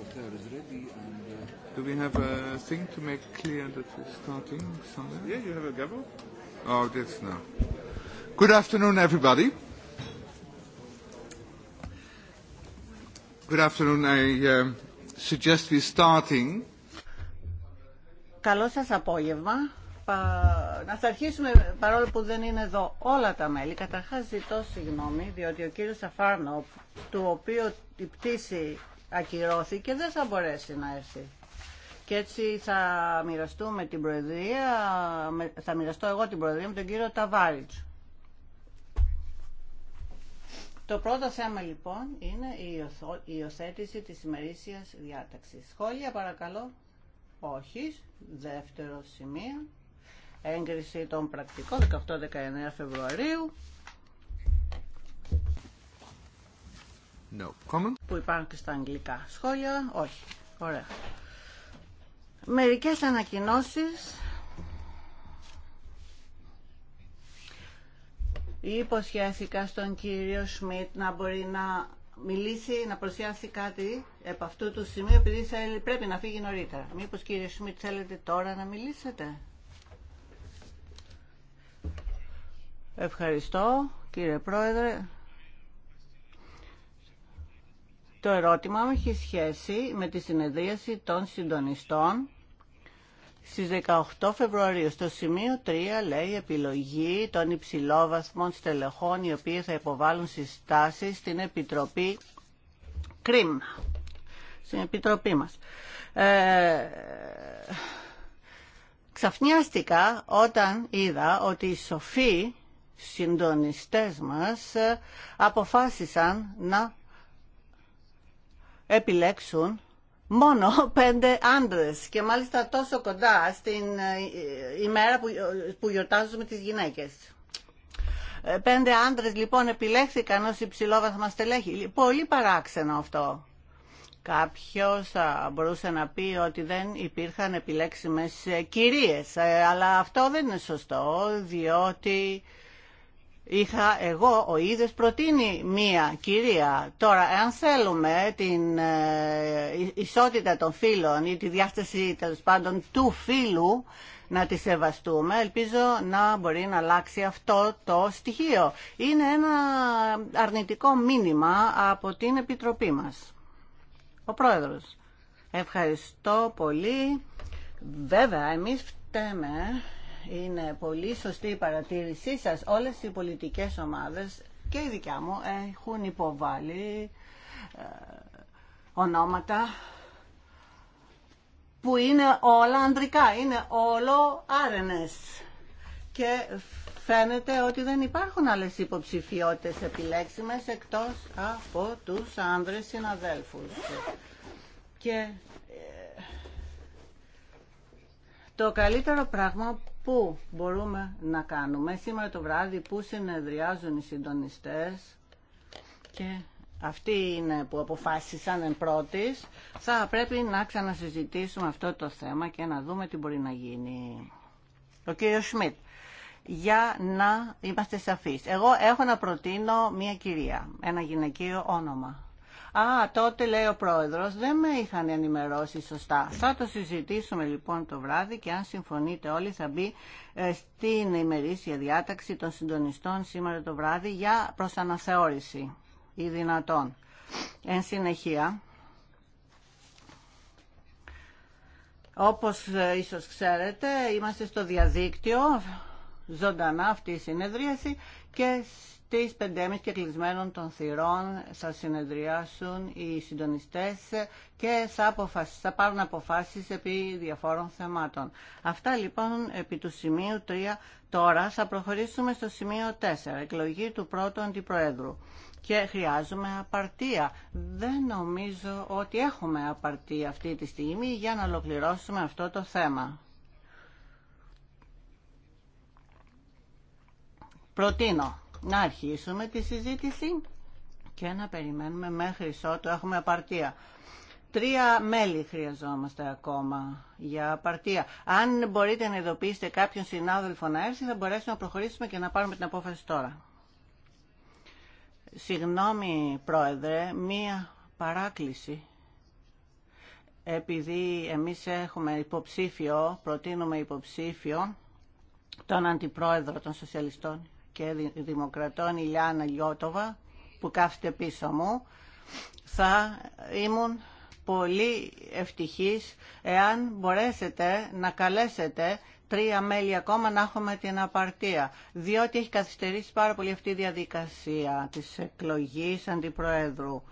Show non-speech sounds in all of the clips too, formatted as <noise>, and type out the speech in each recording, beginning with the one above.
rapporteur is ready and... Do we have a thing to make clear that we're starting somewhere? Yeah, you have a gavel. Oh, that's now. Good afternoon, everybody. Good afternoon. I uh, suggest we starting. Καλό σας απόγευμα. Να θα αρχίσουμε παρόλο που δεν είναι εδώ όλα τα μέλη. Καταρχάς ζητώ συγγνώμη διότι ο κύριος Σαφάρνο του οποίου η πτήση Ακυρώθηκε, δεν θα μπορέσει να έρθει. Και έτσι θα μοιραστούμε την προεδρία, θα μοιραστώ εγώ την προεδρία με τον κύριο Ταβάριτς. Το πρώτο θέμα λοιπόν είναι η υιοθέτηση της ημερήσιας διάταξης. Σχόλια παρακαλώ. Όχι. Δεύτερο σημείο. Έγκριση των πρακτικών 18-19 Φεβρουαρίου. Που υπάρχουν και στα αγγλικά. Σχόλια, όχι. Ωραία. Μερικές ανακοινώσεις. Υποσχέθηκα στον κύριο Σμιτ να μπορεί να μιλήσει, να προσιάσει κάτι από αυτού του σημείου, επειδή θέλει, πρέπει να φύγει νωρίτερα. Μήπως κύριε Σμιτ θέλετε τώρα να μιλήσετε. Ευχαριστώ κύριε Πρόεδρε. Το ερώτημα μου έχει σχέση με τη συνεδρίαση των συντονιστών στις 18 Φεβρουαρίου. Στο σημείο 3 λέει επιλογή των υψηλόβαθμων στελεχών οι οποίοι θα υποβάλουν συστάσεις στην Επιτροπή ΚΡΙΜ. Στην Επιτροπή μας. Ε, ξαφνιάστηκα όταν είδα ότι οι σοφοί συντονιστές μας αποφάσισαν να επιλέξουν μόνο <laughs> πέντε άντρε. και μάλιστα τόσο κοντά στην ε, ημέρα ε, που γιορτάζουμε τις γυναίκες. Ε, πέντε άντρε λοιπόν επιλέχθηκαν ως υψηλόβαθμα στελέχη. Πολύ παράξενο αυτό. Κάποιος μπορούσε να πει ότι δεν υπήρχαν επιλέξιμες κυρίες, αλλά αυτό δεν είναι σωστό, διότι είχα εγώ ο ίδιος προτείνει μία κυρία. Τώρα, εάν θέλουμε την ε, ισότητα των φίλων ή τη διάσταση τέλο πάντων του φίλου να τη σεβαστούμε, ελπίζω να μπορεί να αλλάξει αυτό το στοιχείο. Είναι ένα αρνητικό μήνυμα από την Επιτροπή μας. Ο Πρόεδρος. Ευχαριστώ πολύ. Βέβαια, εμείς φταίμε είναι πολύ σωστή η παρατήρησή σας. Όλες οι πολιτικές ομάδες και η δικιά μου έχουν υποβάλει ε, ονόματα που είναι όλα ανδρικά, είναι όλο άρενες. Και φαίνεται ότι δεν υπάρχουν άλλες υποψηφιότητες επιλέξιμες εκτός από τους άνδρες συναδέλφους. Και ε, το καλύτερο πράγμα που μπορούμε να κάνουμε. Σήμερα το βράδυ που συνεδριάζουν οι συντονιστές και αυτοί είναι που αποφάσισαν εν πρώτης, θα πρέπει να ξανασυζητήσουμε αυτό το θέμα και να δούμε τι μπορεί να γίνει. Ο κύριος Σμιτ, για να είμαστε σαφείς. Εγώ έχω να προτείνω μία κυρία, ένα γυναικείο όνομα. Α, τότε λέει ο πρόεδρος, δεν με είχαν ενημερώσει σωστά. Θα το συζητήσουμε λοιπόν το βράδυ και αν συμφωνείτε όλοι θα μπει ε, στην ημερήσια διάταξη των συντονιστών σήμερα το βράδυ για προς αναθεώρηση ή δυνατόν. Εν συνεχεία, όπως ε, ίσως ξέρετε, είμαστε στο διαδίκτυο, ζωντανά αυτή η συνεδρίαση και τις 5.30 και κλεισμένων των θυρών θα συνεδριάσουν οι συντονιστές και θα, θα πάρουν αποφάσεις επί διαφόρων θεμάτων. Αυτά λοιπόν επί του σημείου 3. Τώρα θα προχωρήσουμε στο σημείο 4, εκλογή του πρώτου αντιπροέδρου. Και χρειάζομαι απαρτία. Δεν νομίζω ότι έχουμε απαρτία αυτή τη στιγμή για να ολοκληρώσουμε αυτό το θέμα. Προτείνω να αρχίσουμε τη συζήτηση και να περιμένουμε μέχρι ότου έχουμε απαρτία. Τρία μέλη χρειαζόμαστε ακόμα για απαρτία. Αν μπορείτε να ειδοποιήσετε κάποιον συνάδελφο να έρθει, θα μπορέσουμε να προχωρήσουμε και να πάρουμε την απόφαση τώρα. Συγγνώμη, Πρόεδρε, μία παράκληση. Επειδή εμείς έχουμε υποψήφιο, προτείνουμε υποψήφιο, τον Αντιπρόεδρο των Σοσιαλιστών και Δημοκρατών Λιάννα Λιώτοβα που κάθεται πίσω μου θα ήμουν πολύ ευτυχής εάν μπορέσετε να καλέσετε τρία μέλη ακόμα να έχουμε την απαρτία, διότι έχει καθυστερήσει πάρα πολύ αυτή η διαδικασία της εκλογής αντιπροέδρου,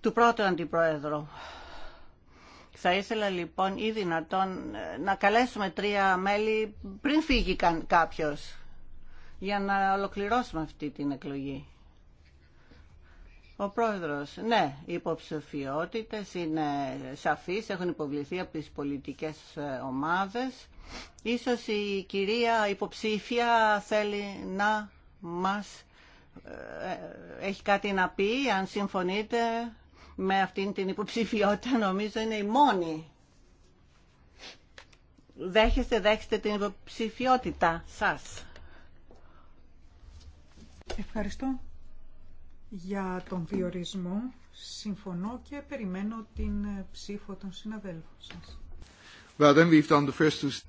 του πρώτου αντιπροέδρου. Θα ήθελα λοιπόν ή δυνατόν ε, να καλέσουμε τρία μέλη πριν φύγει κάποιος για να ολοκληρώσουμε αυτή την εκλογή. Ο πρόεδρος, ναι, οι υποψηφιότητες είναι σαφείς, έχουν υποβληθεί από τις πολιτικές ομάδες. Ίσως η κυρία υποψήφια θέλει να μας ε, έχει κάτι να πει, αν συμφωνείτε με αυτήν την υποψηφιότητα, <laughs> νομίζω είναι η μόνη. Δέχεστε, δέχεστε την υποψηφιότητα σας. Ευχαριστώ για τον διορισμό. Συμφωνώ και περιμένω την ψήφο των συναδέλφων σας. Well,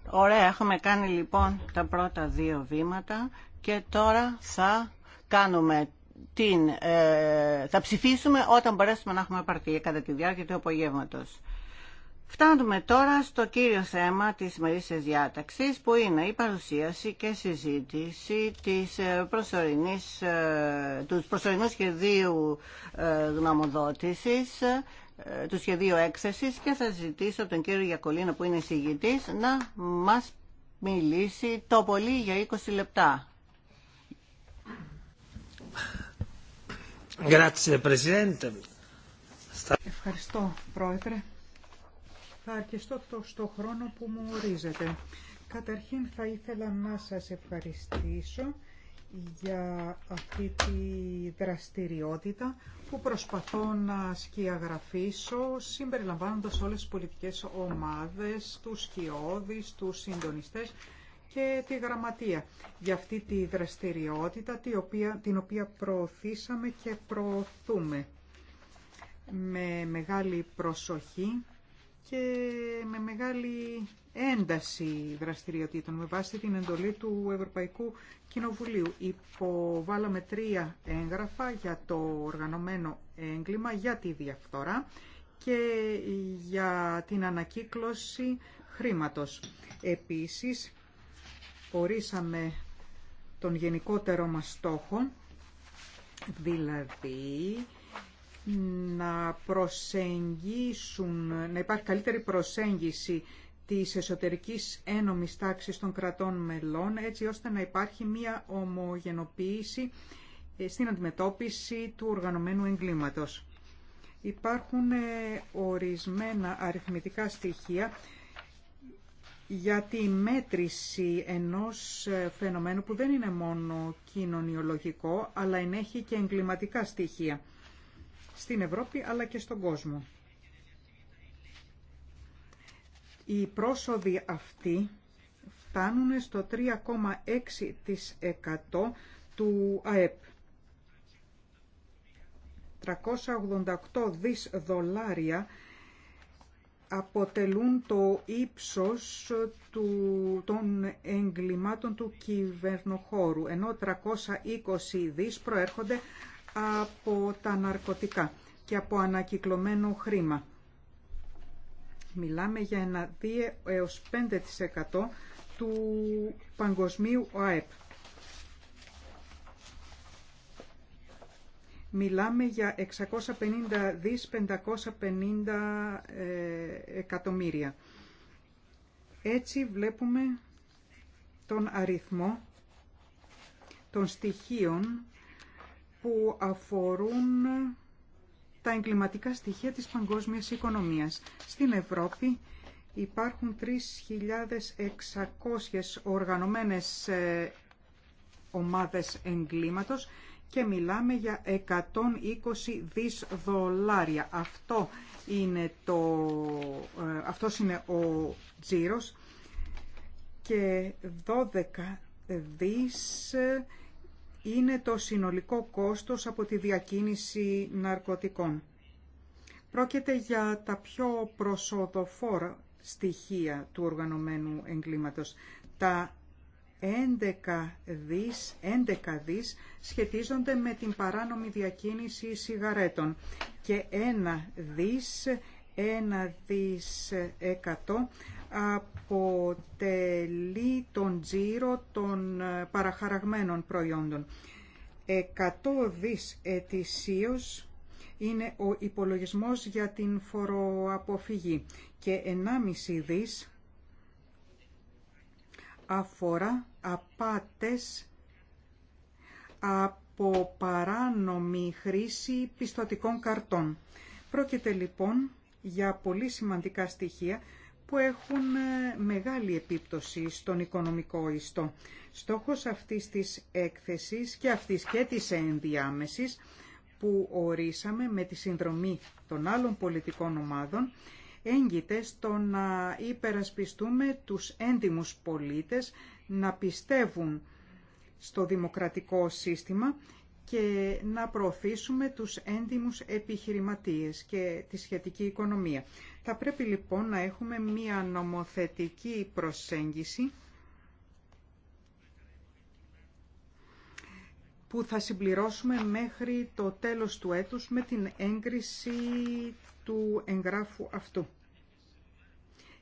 Ωραία, έχουμε κάνει λοιπόν τα πρώτα δύο βήματα και τώρα θα κάνουμε την, ε, θα ψηφίσουμε όταν μπορέσουμε να έχουμε απαρτία κατά τη διάρκεια του απογεύματος. Φτάνουμε τώρα στο κύριο θέμα της σημερινής διάταξης που είναι η παρουσίαση και συζήτηση της ε, προσωρινής, ε, του προσωρινού σχεδίου ε, γνωμοδότησης του σχεδίου έκθεσης και θα ζητήσω τον κύριο Γιακολίνο που είναι εισηγητής να μας μιλήσει το πολύ για 20 λεπτά. Ευχαριστώ, Πρόεδρε. Θα αρκεστώ το, στο χρόνο που μου ορίζεται. Καταρχήν θα ήθελα να σας ευχαριστήσω για αυτή τη δραστηριότητα που προσπαθώ να σκιαγραφίσω συμπεριλαμβάνοντας όλες τις πολιτικές ομάδες, τους σκιώδεις, τους συντονιστές και τη γραμματεία για αυτή τη δραστηριότητα την οποία προωθήσαμε και προωθούμε με μεγάλη προσοχή και με μεγάλη ένταση δραστηριοτήτων με βάση την εντολή του Ευρωπαϊκού Κοινοβουλίου. Υποβάλαμε τρία έγγραφα για το οργανωμένο έγκλημα, για τη διαφθορά και για την ανακύκλωση χρήματος. Επίσης, ορίσαμε τον γενικότερο μας στόχο, δηλαδή να προσεγγίσουν, να υπάρχει καλύτερη προσέγγιση της εσωτερικής ένομης τάξης των κρατών μελών, έτσι ώστε να υπάρχει μία ομογενοποίηση ε, στην αντιμετώπιση του οργανωμένου εγκλήματος. Υπάρχουν ε, ορισμένα αριθμητικά στοιχεία για τη μέτρηση ενός ε, φαινομένου που δεν είναι μόνο κοινωνιολογικό, αλλά ενέχει και εγκληματικά στοιχεία στην Ευρώπη αλλά και στον κόσμο. Οι πρόσοδοι αυτοί φτάνουν στο 3,6% του ΑΕΠ. 388 δις δολάρια αποτελούν το ύψος του, των εγκλημάτων του κυβερνοχώρου, ενώ 320 δις προέρχονται από τα ναρκωτικά και από ανακυκλωμένο χρήμα. Μιλάμε για ένα 2 έως 5% του παγκοσμίου ΟΑΕΠ. Μιλάμε για 650 δις 550 ε, εκατομμύρια. Έτσι βλέπουμε τον αριθμό των στοιχείων που αφορούν τα εγκληματικά στοιχεία της παγκόσμιας οικονομίας. Στην Ευρώπη υπάρχουν 3.600 οργανωμένες ε, ομάδες εγκλήματος και μιλάμε για 120 δις δολάρια. Αυτό είναι το, ε, αυτός είναι ο τζίρος και 12 δις είναι το συνολικό κόστος από τη διακίνηση ναρκωτικών. Πρόκειται για τα πιο προσοδοφόρα στοιχεία του οργανωμένου εγκλήματος. Τα 11 δις, 11 δις σχετίζονται με την παράνομη διακίνηση σιγαρέτων και 1 δις, 1 δις εκατό αποτελεί τον τζίρο των ε, παραχαραγμένων προϊόντων. 100 δις ετησίως είναι ο υπολογισμός για την φοροαποφυγή και 1,5 δις αφορά απάτες από παράνομη χρήση πιστοτικών καρτών. Πρόκειται λοιπόν για πολύ σημαντικά στοιχεία που έχουν ε, μεγάλη επίπτωση στον οικονομικό ιστό. Στόχος αυτής της έκθεσης και αυτής και της ενδιάμεσης που ορίσαμε με τη συνδρομή των άλλων πολιτικών ομάδων έγκυται στο να υπερασπιστούμε τους έντιμους πολίτες να πιστεύουν στο δημοκρατικό σύστημα και να προωθήσουμε τους έντιμους επιχειρηματίες και τη σχετική οικονομία. Θα πρέπει λοιπόν να έχουμε μία νομοθετική προσέγγιση που θα συμπληρώσουμε μέχρι το τέλος του έτους με την έγκριση του εγγράφου αυτού.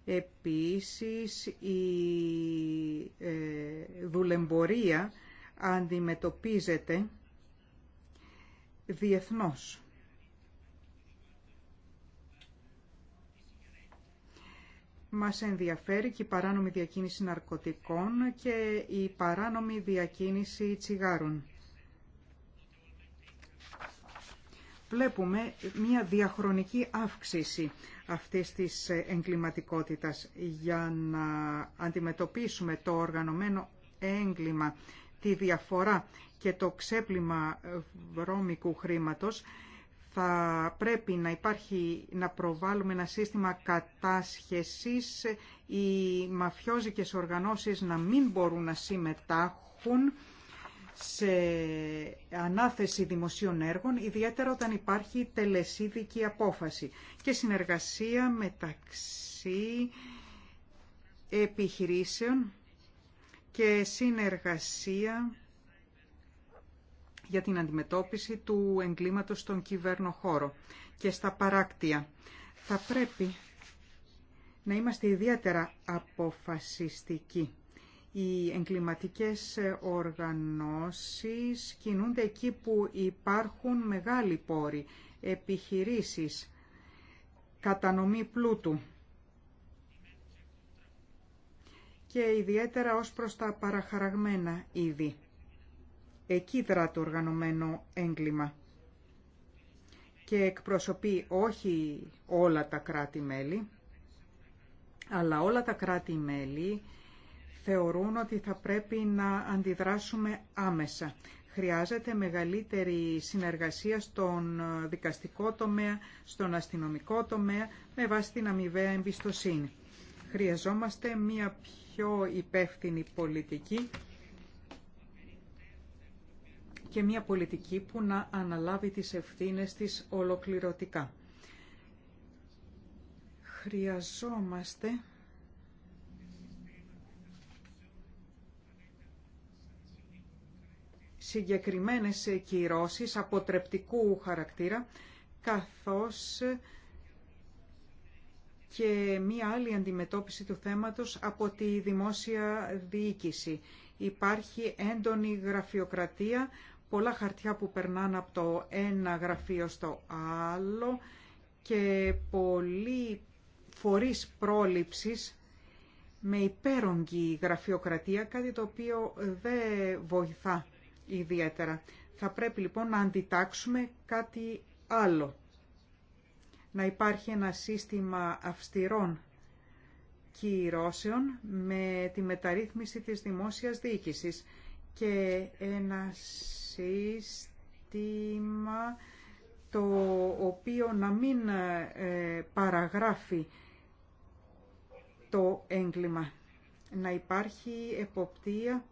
Επίσης, η ε, δουλεμπορία αντιμετωπίζεται διεθνώς. Μας ενδιαφέρει και η παράνομη διακίνηση ναρκωτικών και η παράνομη διακίνηση τσιγάρων. Βλέπουμε μια διαχρονική αύξηση αυτής της εγκληματικότητας για να αντιμετωπίσουμε το οργανωμένο έγκλημα, τη διαφορά και το ξέπλυμα ε, βρώμικου χρήματος θα πρέπει να υπάρχει, να προβάλλουμε ένα σύστημα κατάσχεσης, οι μαφιόζικες οργανώσεις να μην μπορούν να συμμετάχουν σε ανάθεση δημοσίων έργων, ιδιαίτερα όταν υπάρχει τελεσίδικη απόφαση και συνεργασία μεταξύ επιχειρήσεων και συνεργασία για την αντιμετώπιση του εγκλήματος στον κυβέρνοχώρο και στα παράκτια. Θα πρέπει να είμαστε ιδιαίτερα αποφασιστικοί. Οι εγκληματικές οργανώσεις κινούνται εκεί που υπάρχουν μεγάλοι πόροι, επιχειρήσεις, κατανομή πλούτου και ιδιαίτερα ως προς τα παραχαραγμένα είδη εκίδρα το οργανωμένο έγκλημα και εκπροσωπεί όχι όλα τα κράτη-μέλη, αλλά όλα τα κράτη-μέλη θεωρούν ότι θα πρέπει να αντιδράσουμε άμεσα. Χρειάζεται μεγαλύτερη συνεργασία στον δικαστικό τομέα, στον αστυνομικό τομέα, με βάση την αμοιβαία εμπιστοσύνη. Χρειαζόμαστε μια πιο υπεύθυνη πολιτική και μια πολιτική που να αναλάβει τις ευθύνες της ολοκληρωτικά. Χρειαζόμαστε συγκεκριμένες κυρώσεις αποτρεπτικού χαρακτήρα, καθώς και μία άλλη αντιμετώπιση του θέματος από τη δημόσια διοίκηση. Υπάρχει έντονη γραφειοκρατία πολλά χαρτιά που περνάνε από το ένα γραφείο στο άλλο και πολλοί φορείς πρόληψης με υπέρογγη γραφειοκρατία, κάτι το οποίο δεν βοηθά ιδιαίτερα. Θα πρέπει λοιπόν να αντιτάξουμε κάτι άλλο. Να υπάρχει ένα σύστημα αυστηρών κυρώσεων με τη μεταρρύθμιση της δημόσιας διοίκησης και ένας σύστημα το οποίο να μην ε, παραγράφει το έγκλημα. Να υπάρχει εποπτεία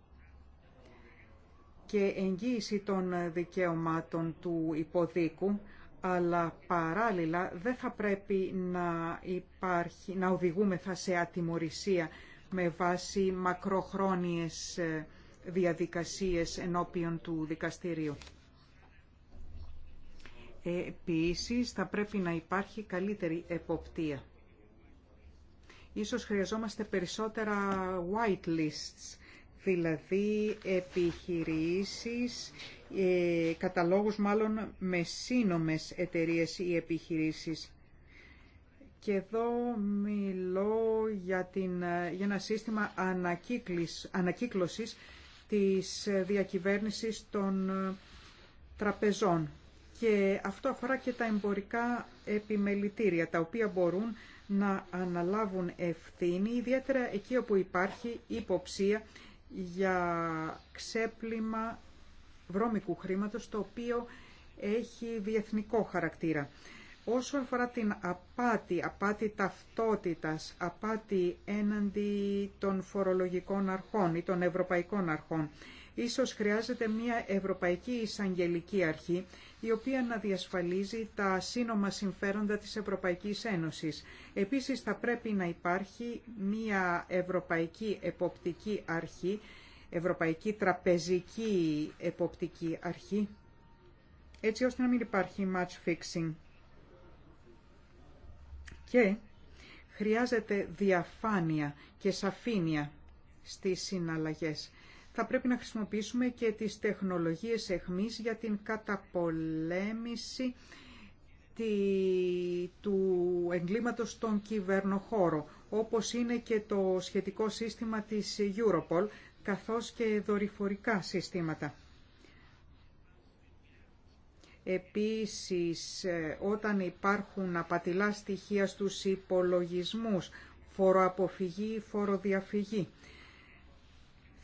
και εγγύηση των δικαιωμάτων του υποδίκου, αλλά παράλληλα δεν θα πρέπει να, υπάρχει, να οδηγούμεθα σε ατιμορρησία με βάση μακροχρόνιες ε, διαδικασίες ενώπιον του δικαστηρίου. Ε, επίσης, θα πρέπει να υπάρχει καλύτερη εποπτεία. Ίσως χρειαζόμαστε περισσότερα white lists, δηλαδή επιχειρήσεις, ε, καταλόγους μάλλον με σύνομες εταιρείες ή επιχειρήσεις. Και εδώ μιλώ για, την, για ένα σύστημα ανακύκλωσης της διακυβέρνησης των ε, τραπεζών. Και αυτό αφορά και τα εμπορικά επιμελητήρια, τα οποία μπορούν να αναλάβουν ευθύνη, ιδιαίτερα εκεί όπου υπάρχει υποψία για ξέπλυμα βρώμικου χρήματος, το οποίο έχει διεθνικό χαρακτήρα. Όσο αφορά την απάτη, απάτη ταυτότητας, απάτη έναντι των φορολογικών αρχών ή των ευρωπαϊκών αρχών, ίσως χρειάζεται μια ευρωπαϊκή εισαγγελική αρχή, η οποία να διασφαλίζει τα σύνομα συμφέροντα της Ευρωπαϊκής Ένωσης. Επίσης θα πρέπει να υπάρχει μια ευρωπαϊκή εποπτική αρχή, ευρωπαϊκή τραπεζική εποπτική αρχή, έτσι ώστε να μην υπάρχει match fixing και χρειάζεται διαφάνεια και σαφήνεια στις συναλλαγές. Θα πρέπει να χρησιμοποιήσουμε και τις τεχνολογίες εχμής για την καταπολέμηση του εγκλήματος στον κυβερνοχώρο, όπως είναι και το σχετικό σύστημα της Europol, καθώς και δορυφορικά συστήματα. Επίσης, ε, όταν υπάρχουν απατηλά στοιχεία στους υπολογισμούς, φοροαποφυγή ή φοροδιαφυγή,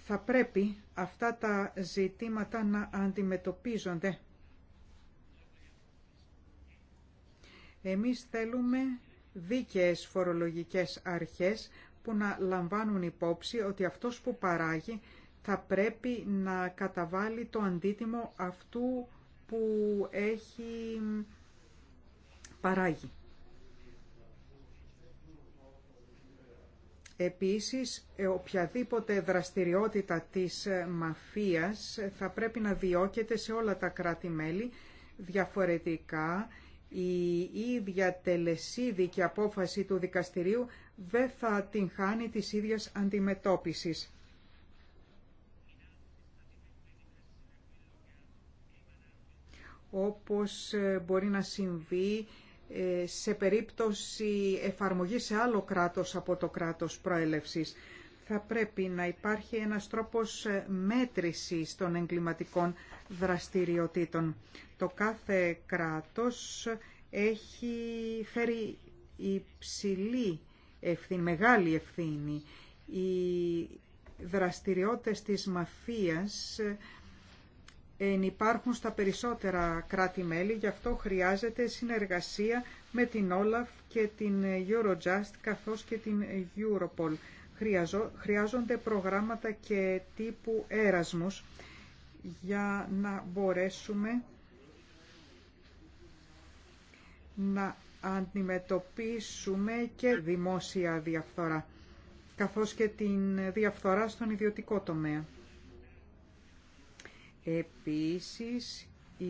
θα πρέπει αυτά τα ζητήματα να αντιμετωπίζονται. Εμείς θέλουμε δίκαιες φορολογικές αρχές που να λαμβάνουν υπόψη ότι αυτός που παράγει θα πρέπει να καταβάλει το αντίτιμο αυτού που έχει παράγει. Επίσης, ε, οποιαδήποτε δραστηριότητα της ε, μαφίας ε, θα πρέπει να διώκεται σε όλα τα κράτη-μέλη διαφορετικά. Η ίδια και απόφαση του δικαστηρίου δεν θα την χάνει της ίδιας αντιμετώπισης. όπως ε, μπορεί να συμβεί ε, σε περίπτωση εφαρμογής σε άλλο κράτος από το κράτος προέλευσης. Θα πρέπει να υπάρχει ένας τρόπος ε, μέτρησης των εγκληματικών δραστηριοτήτων. Το κάθε κράτος έχει φέρει υψηλή ευθύνη, μεγάλη ευθύνη. Οι δραστηριότητες της μαφίας υπάρχουν στα περισσότερα κράτη-μέλη, γι' αυτό χρειάζεται συνεργασία με την Όλαφ και την Eurojust καθώς και την Europol. Χρειάζονται προγράμματα και τύπου έρασμους για να μπορέσουμε να αντιμετωπίσουμε και δημόσια διαφθορά καθώς και την διαφθορά στον ιδιωτικό τομέα. Επίσης, οι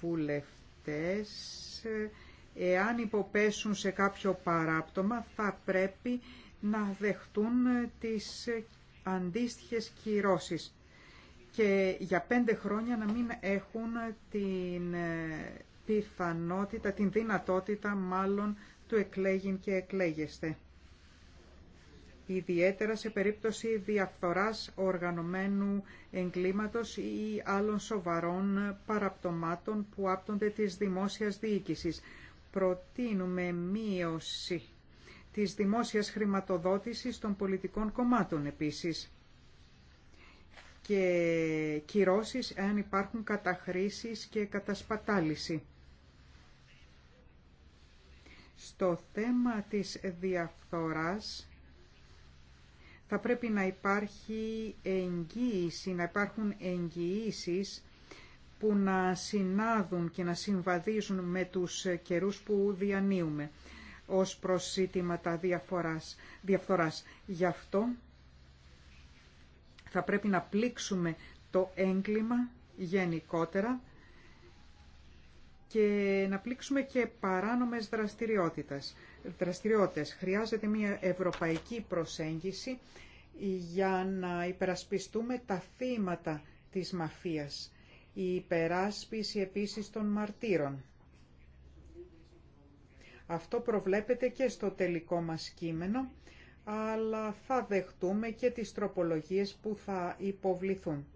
βουλευτές, εάν υποπέσουν σε κάποιο παράπτωμα, θα πρέπει να δεχτούν τις αντίστοιχες κυρώσεις και για πέντε χρόνια να μην έχουν την ε, πιθανότητα, την δυνατότητα μάλλον του εκλέγην και εκλέγεστε ιδιαίτερα σε περίπτωση διαφθοράς οργανωμένου εγκλήματος ή άλλων σοβαρών παραπτωμάτων που άπτονται της δημόσιας διοίκησης. Προτείνουμε μείωση της δημόσιας χρηματοδότησης των πολιτικών κομμάτων επίσης και κυρώσεις αν υπάρχουν καταχρήσεις και κατασπατάληση. Στο θέμα της διαφθοράς θα πρέπει να υπάρχει εγγύηση, να υπάρχουν εγγυήσει που να συνάδουν και να συμβαδίζουν με τους καιρούς που διανύουμε ως προσήτηματα διαφοράς, διαφθοράς. Γι' αυτό θα πρέπει να πλήξουμε το έγκλημα γενικότερα και να πλήξουμε και παράνομες δραστηριότητες. δραστηριότητες. Χρειάζεται μια ευρωπαϊκή προσέγγιση για να υπερασπιστούμε τα θύματα της μαφίας. Η υπεράσπιση επίσης των μαρτύρων. Αυτό προβλέπεται και στο τελικό μας κείμενο, αλλά θα δεχτούμε και τις τροπολογίες που θα υποβληθούν.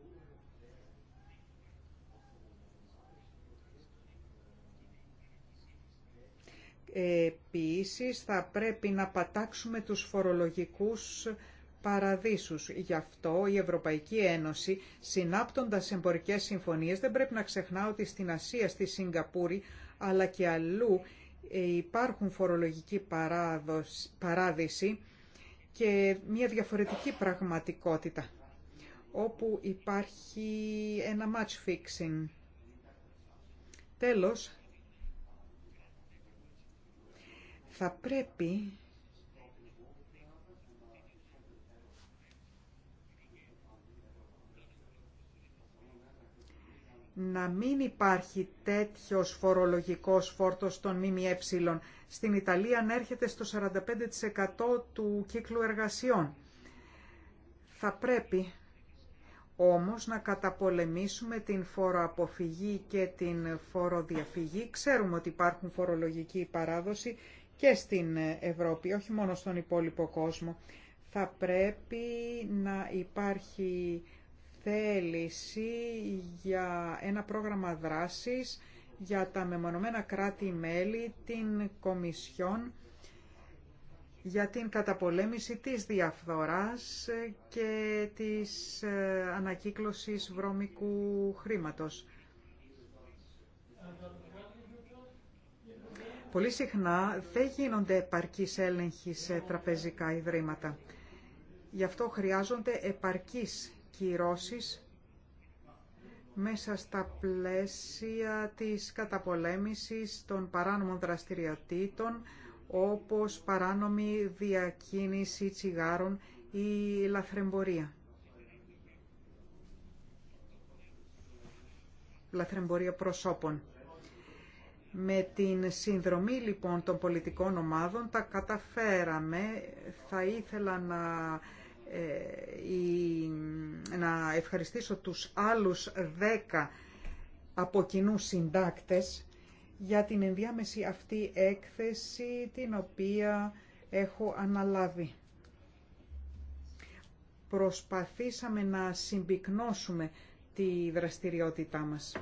Επίσης θα πρέπει να πατάξουμε τους φορολογικούς παραδείσους. Γι' αυτό η Ευρωπαϊκή Ένωση, συνάπτοντας εμπορικές συμφωνίες, δεν πρέπει να ξεχνά ότι στην Ασία, στη Σιγκαπούρη, αλλά και αλλού ε, υπάρχουν φορολογική παράδεισοι και μια διαφορετική πραγματικότητα, όπου υπάρχει ένα match fixing. Τέλος, θα πρέπει να μην υπάρχει τέτοιος φορολογικός φόρτος των ΜΜΕ. Στην Ιταλία ανέρχεται στο 45% του κύκλου εργασιών. Θα πρέπει όμως να καταπολεμήσουμε την φοροαποφυγή και την φοροδιαφυγή. Ξέρουμε ότι υπάρχουν φορολογική παράδοση και στην Ευρώπη, όχι μόνο στον υπόλοιπο κόσμο. Θα πρέπει να υπάρχει θέληση για ένα πρόγραμμα δράσης για τα μεμονωμένα κράτη-μέλη, την Κομισιόν, για την καταπολέμηση της διαφθοράς και της ε, ανακύκλωσης βρώμικου χρήματος. Πολύ συχνά δεν γίνονται επαρκείς έλεγχοι σε τραπεζικά ιδρύματα. Γι' αυτό χρειάζονται επαρκείς κυρώσεις μέσα στα πλαίσια της καταπολέμησης των παράνομων δραστηριοτήτων όπως παράνομη διακίνηση τσιγάρων ή λαθρεμπορία. Λαθρεμπορία προσώπων. Με την συνδρομή λοιπόν των πολιτικών ομάδων τα καταφέραμε. Θα ήθελα ε, να, ευχαριστήσω τους άλλους δέκα από κοινού συντάκτες για την ενδιάμεση αυτή έκθεση την οποία έχω αναλάβει. Προσπαθήσαμε να συμπυκνώσουμε τη δραστηριότητά μας.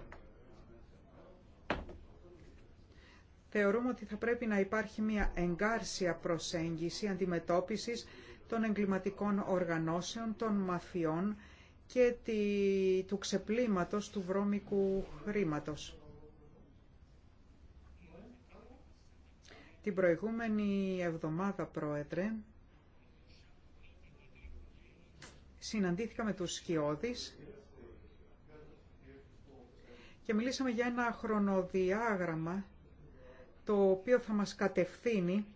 θεωρούμε ότι θα πρέπει να υπάρχει μια εγκάρσια προσέγγιση αντιμετώπισης των εγκληματικών οργανώσεων, των μαφιών και του ξεπλήματος του βρώμικου χρήματος. Την προηγούμενη εβδομάδα, Πρόεδρε, συναντήθηκα με τους Σκιώδης και μιλήσαμε για ένα χρονοδιάγραμμα το οποίο θα μας κατευθύνει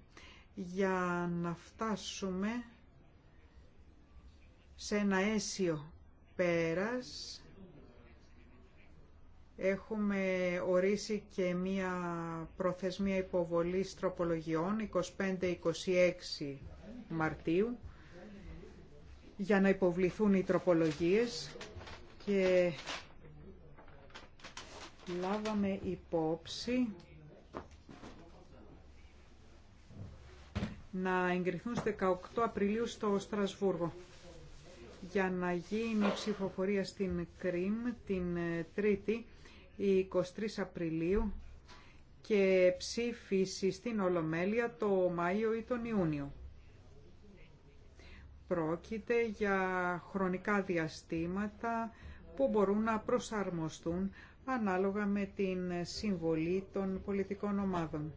για να φτάσουμε σε ένα αίσιο πέρας. Έχουμε ορίσει και μία προθεσμία υποβολής τροπολογιών 25-26 Μαρτίου για να υποβληθούν οι τροπολογίες και λάβαμε υπόψη να εγκριθούν στις 18 Απριλίου στο Στρασβούργο για να γίνει ψηφοφορία στην ΚΡΙΜ την 3η ε, 23 Απριλίου και ψήφιση στην Ολομέλεια το Μάιο ή τον Ιούνιο. Πρόκειται για χρονικά διαστήματα που μπορούν να προσαρμοστούν ανάλογα με την συμβολή των πολιτικών ομάδων.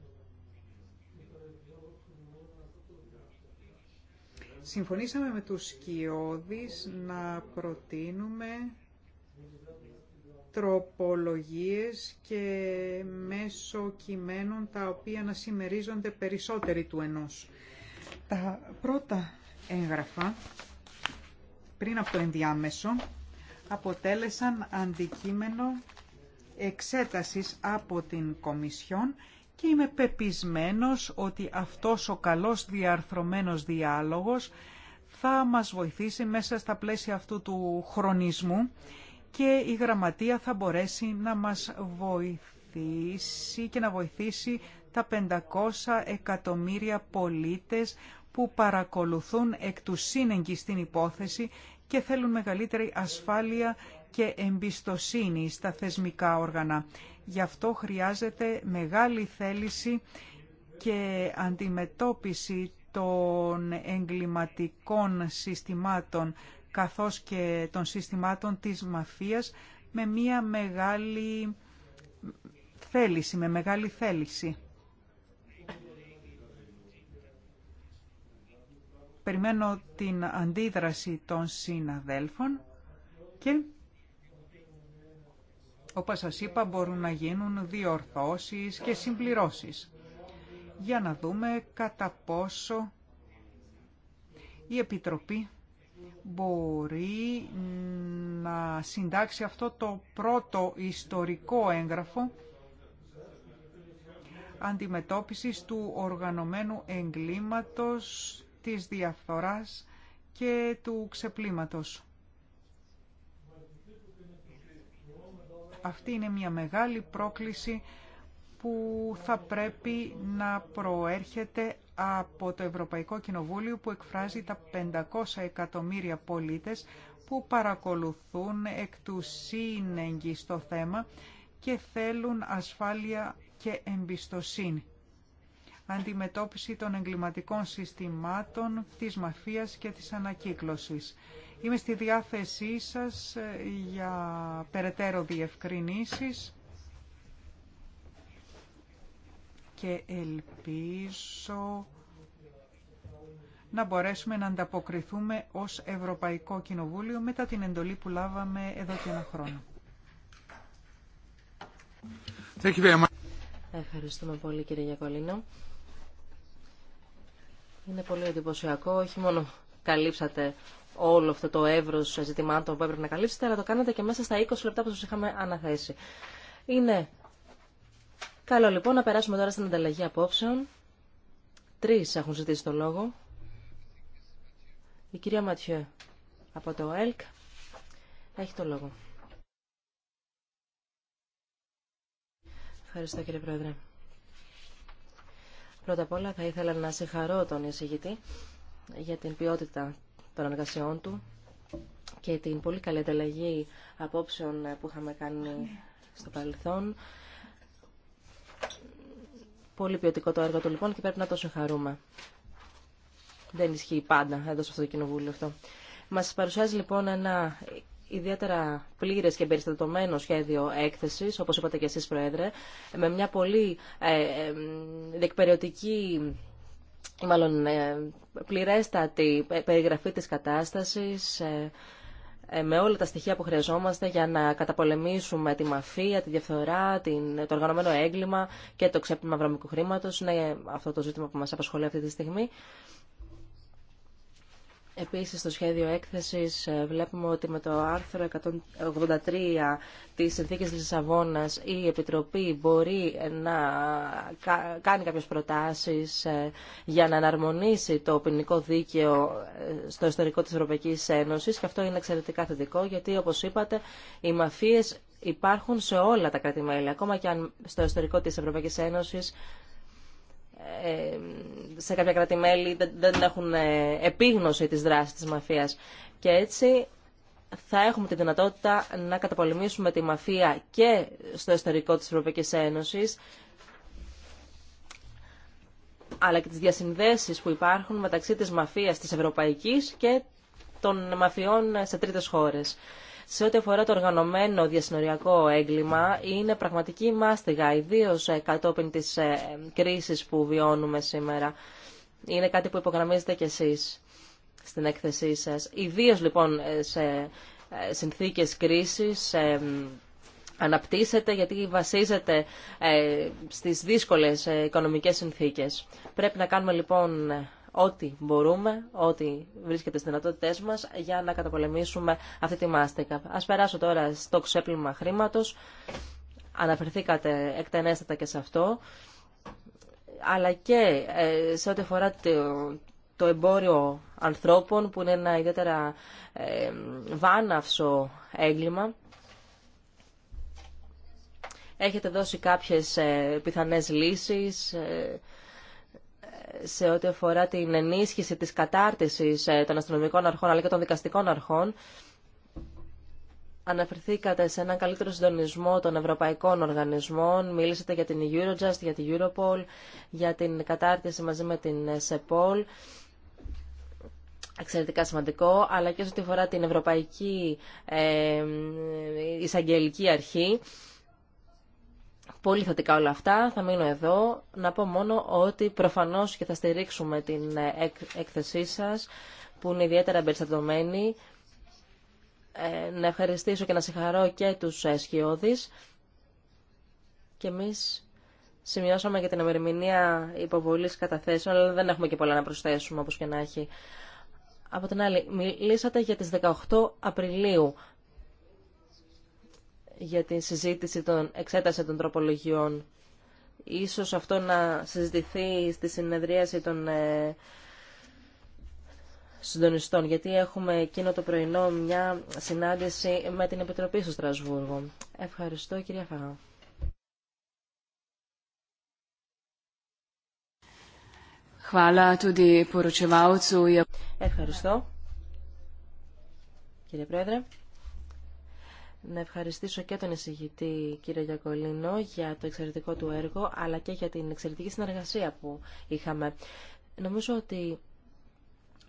Συμφωνήσαμε με τους σκιώδεις να προτείνουμε τροπολογίες και μέσω κειμένων τα οποία να συμμερίζονται περισσότεροι του ενός. Τα πρώτα έγγραφα πριν από το ενδιάμεσο αποτέλεσαν αντικείμενο εξέτασης από την Κομισιόν και είμαι πεπισμένος ότι αυτός ο καλός διαρθρωμένος διάλογος θα μας βοηθήσει μέσα στα πλαίσια αυτού του χρονισμού και η γραμματεία θα μπορέσει να μας βοηθήσει και να βοηθήσει τα 500 εκατομμύρια πολίτες που παρακολουθούν εκ του σύνεγγυ στην υπόθεση και θέλουν μεγαλύτερη ασφάλεια και εμπιστοσύνη στα θεσμικά όργανα. Γι' αυτό χρειάζεται μεγάλη θέληση και αντιμετώπιση των εγκληματικών συστημάτων καθώς και των συστημάτων της μαφίας με μια μεγάλη θέληση, με μεγάλη θέληση. Περιμένω την αντίδραση των συναδέλφων και όπως σας είπα μπορούν να γίνουν διορθώσεις και συμπληρώσεις. Για να δούμε κατά πόσο η Επιτροπή μπορεί να συντάξει αυτό το πρώτο ιστορικό έγγραφο αντιμετώπισης του οργανωμένου εγκλήματος, της διαφθοράς και του ξεπλήματος. Αυτή είναι μια μεγάλη πρόκληση που θα πρέπει να προέρχεται από το Ευρωπαϊκό Κοινοβούλιο που εκφράζει τα 500 εκατομμύρια πολίτες που παρακολουθούν εκ του σύνεγγι στο θέμα και θέλουν ασφάλεια και εμπιστοσύνη αντιμετώπιση των εγκληματικών συστημάτων, της μαφίας και της ανακύκλωσης. Είμαι στη διάθεσή σας ε, για περαιτέρω διευκρινήσεις και ελπίζω να μπορέσουμε να ανταποκριθούμε ως Ευρωπαϊκό Κοινοβούλιο μετά την εντολή που λάβαμε εδώ και ένα χρόνο. Ευχαριστούμε πολύ κύριε Γιακολίνο. Είναι πολύ εντυπωσιακό. Όχι μόνο καλύψατε όλο αυτό το εύρο ζητημάτων που έπρεπε να καλύψετε, αλλά το κάνατε και μέσα στα 20 λεπτά που σα είχαμε αναθέσει. Είναι καλό λοιπόν να περάσουμε τώρα στην ανταλλαγή απόψεων. Τρει έχουν ζητήσει το λόγο. Η κυρία Ματιέ από το ΕΛΚ έχει το λόγο. Ευχαριστώ κύριε Πρόεδρε. Πρώτα απ' όλα θα ήθελα να σε χαρώ τον εισηγητή για την ποιότητα των εργασιών του και την πολύ καλή ανταλλαγή απόψεων που είχαμε κάνει στο παρελθόν. Πολύ ποιοτικό το έργο του λοιπόν και πρέπει να το συγχαρούμε. Δεν ισχύει πάντα εδώ στο Κοινοβούλιο αυτό. Μας παρουσιάζει λοιπόν ένα ιδιαίτερα πλήρες και περιστατωμένο σχέδιο έκθεσης, όπως είπατε και εσεί Πρόεδρε, με μια πολύ ε, ε, δεκπεριωτική ή μάλλον ε, πληρέστατη περιγραφή της κατάστασης με όλα τα στοιχεία που χρειαζόμαστε για να καταπολεμήσουμε τη μαφία, τη διαφθορά, την, το οργανωμένο έγκλημα και το ξέπλυμα βρωμικού χρήματος. Είναι αυτό το ζήτημα που μας απασχολεί αυτή τη στιγμή. Επίσης, στο σχέδιο έκθεσης ε, βλέπουμε ότι με το άρθρο 183 της Συνθήκης της Λισαβόνας η Επιτροπή μπορεί να κάνει κάποιες προτάσεις ε, για να αναρμονίσει το ποινικό δίκαιο ε, στο ιστορικό της Ευρωπαϊκής Ένωσης και αυτό είναι εξαιρετικά θετικό γιατί, όπως είπατε, οι μαφίες υπάρχουν σε όλα τα κράτη-μέλη, ακόμα και αν στο ιστορικό της Ευρωπαϊκής Ένωσης ε, σε κάποια μέλη δεν έχουν ε, επίγνωση της δράσης της μαφίας. Και έτσι θα έχουμε τη δυνατότητα να καταπολεμήσουμε τη μαφία και στο ιστορικό της Ευρωπαϊκής Ένωσης αλλά και τις διασυνδέσεις που υπάρχουν μεταξύ της μαφίας της Ευρωπαϊκής και των μαφιών σε τρίτες χώρες σε ό,τι αφορά το οργανωμένο διασυνοριακό έγκλημα είναι πραγματική μάστιγα, ιδίω ε, κατόπιν της ε, κρίση που βιώνουμε σήμερα. Είναι κάτι που υπογραμμίζετε κι εσείς στην έκθεσή σας. Ιδίω λοιπόν ε, σε συνθήκες κρίσης αναπτύσσεται γιατί βασίζεται στις δύσκολες οικονομικές συνθήκες. Πρέπει να κάνουμε λοιπόν ό,τι μπορούμε, ό,τι βρίσκεται στι δυνατότητε μα για να καταπολεμήσουμε αυτή τη μάστιγα. Α περάσω τώρα στο ξέπλυμα χρήματο. Αναφερθήκατε εκτενέστατα και σε αυτό. Αλλά και ε, σε ό,τι αφορά το εμπόριο ανθρώπων που είναι ένα ιδιαίτερα ε, βάναυσο έγκλημα. Έχετε δώσει κάποιες ε, πιθανές λύσεις σε ό,τι αφορά την ενίσχυση της κατάρτισης ε, των αστυνομικών αρχών αλλά και των δικαστικών αρχών. Αναφερθήκατε σε έναν καλύτερο συντονισμό των ευρωπαϊκών οργανισμών, μίλησατε για την Eurojust, για την Europol, για την κατάρτιση μαζί με την SEPOL. Εξαιρετικά σημαντικό, αλλά και σε ό,τι αφορά την Ευρωπαϊκή ε, Εισαγγελική Αρχή. Πολύ θετικά όλα αυτά. Θα μείνω εδώ. Να πω μόνο ότι προφανώς και θα στηρίξουμε την ε, έκθεσή σας που είναι ιδιαίτερα εμπεριστατωμένη. Ε, να ευχαριστήσω και να συγχαρώ και τους ε, σκιώδεις. Και εμείς σημειώσαμε και την ημερομηνία υποβολής καταθέσεων, αλλά δεν έχουμε και πολλά να προσθέσουμε όπως και να έχει. Από την άλλη, μιλήσατε για τις 18 Απριλίου για την συζήτηση των εξέταση των τροπολογιών. Ίσως αυτό να συζητηθεί στη συνεδρίαση των ε, συντονιστών, γιατί έχουμε εκείνο το πρωινό μια συνάντηση με την Επιτροπή στο Στρασβούργο. Ευχαριστώ, κυρία Φαγά. Ευχαριστώ, κύριε Πρόεδρε να ευχαριστήσω και τον εισηγητή κύριο Γιακολίνο για το εξαιρετικό του έργο αλλά και για την εξαιρετική συνεργασία που είχαμε. Νομίζω ότι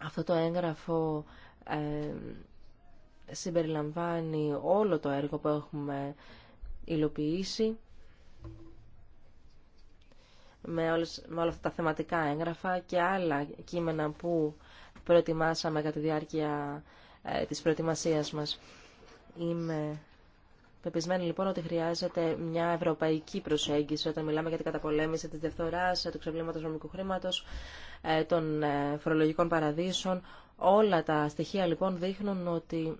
αυτό το έγγραφο ε, συμπεριλαμβάνει όλο το έργο που έχουμε υλοποιήσει με, όλες, με όλα αυτά τα θεματικά έγγραφα και άλλα κείμενα που προετοιμάσαμε κατά τη διάρκεια ε, της προετοιμασίας μας. Είμαι πεπισμένη λοιπόν ότι χρειάζεται μια ευρωπαϊκή προσέγγιση όταν μιλάμε για την καταπολέμηση της διαφθοράς, του ξεβλήματος νομικού χρήματος, ε, των ε, φορολογικών παραδείσων. Όλα τα στοιχεία λοιπόν δείχνουν ότι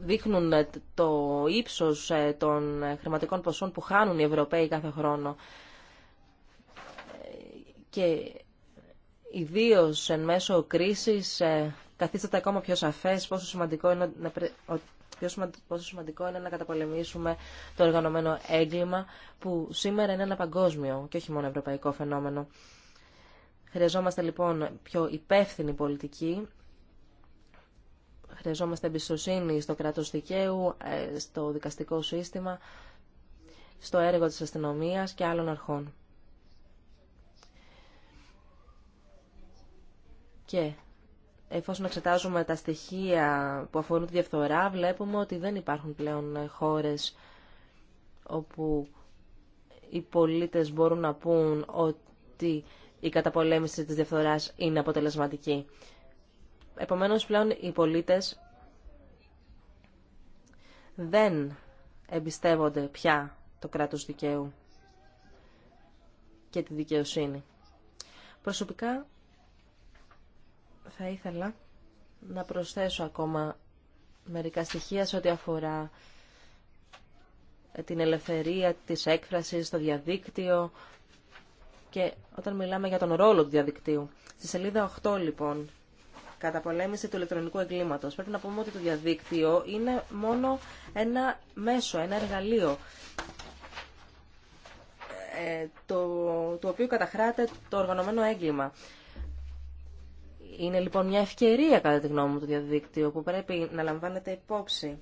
δείχνουν το ύψος ε, των χρηματικών ποσών που χάνουν οι Ευρωπαίοι κάθε χρόνο. Και ιδίως εν μέσω κρίσης καθίσταται ακόμα πιο σαφές πόσο σημαντικό είναι να, πιο πόσο σημαντικό είναι να καταπολεμήσουμε το οργανωμένο έγκλημα που σήμερα είναι ένα παγκόσμιο και όχι μόνο ευρωπαϊκό φαινόμενο. Χρειαζόμαστε λοιπόν πιο υπεύθυνη πολιτική, χρειαζόμαστε εμπιστοσύνη στο κράτος δικαίου, ε, στο δικαστικό σύστημα, στο έργο της αστυνομίας και άλλων αρχών. Και εφόσον εξετάζουμε τα στοιχεία που αφορούν τη διαφθορά, βλέπουμε ότι δεν υπάρχουν πλέον χώρες όπου οι πολίτες μπορούν να πούν ότι η καταπολέμηση της διαφθοράς είναι αποτελεσματική. Επομένως, πλέον οι πολίτες δεν εμπιστεύονται πια το κράτος δικαίου και τη δικαιοσύνη. Προσωπικά θα ήθελα να προσθέσω ακόμα μερικά στοιχεία σε ό,τι αφορά την ελευθερία της έκφρασης στο διαδίκτυο και όταν μιλάμε για τον ρόλο του διαδικτύου. Στη σελίδα 8 λοιπόν, καταπολέμηση του ηλεκτρονικού εγκλήματος. Πρέπει να πούμε ότι το διαδίκτυο είναι μόνο ένα μέσο, ένα εργαλείο ε, το, το οποίο καταχράται το οργανωμένο έγκλημα. Είναι λοιπόν μια ευκαιρία κατά τη γνώμη μου του διαδίκτυο που πρέπει να λαμβάνεται υπόψη.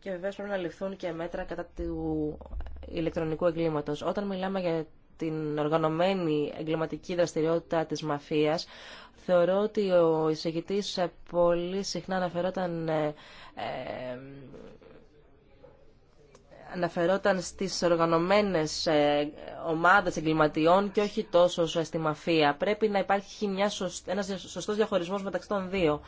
Και βεβαίω πρέπει να ληφθούν και μέτρα κατά του ηλεκτρονικού εγκλήματος. Όταν μιλάμε για την οργανωμένη εγκληματική δραστηριότητα της μαφίας, θεωρώ ότι ο εισηγητής πολύ συχνά αναφερόταν ε, ε, αναφερόταν στις οργανωμένες ε, ομάδες εγκληματιών και όχι τόσο στη μαφία. Πρέπει να υπάρχει μια σωστ... ένας σωστός διαχωρισμός μεταξύ των δύο.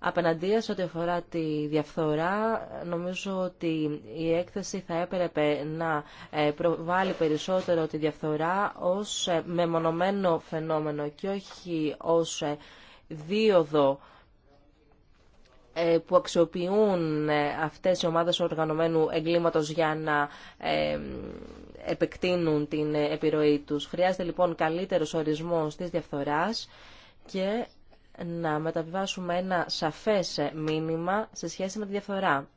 Απέναντίας σε ό,τι αφορά τη διαφθορά, νομίζω ότι η έκθεση θα έπρεπε να ε, προβάλλει περισσότερο τη διαφθορά ως ε, μεμονωμένο φαινόμενο και όχι ως δίωδο ε, που αξιοποιούν ε, αυτές οι ομάδες οργανωμένου εγκλήματος για να ε, επεκτείνουν την επιρροή τους. Χρειάζεται λοιπόν καλύτερος ορισμός της διαφθοράς και να μεταβιβάσουμε ένα σαφές μήνυμα σε σχέση με τη διαφθορά.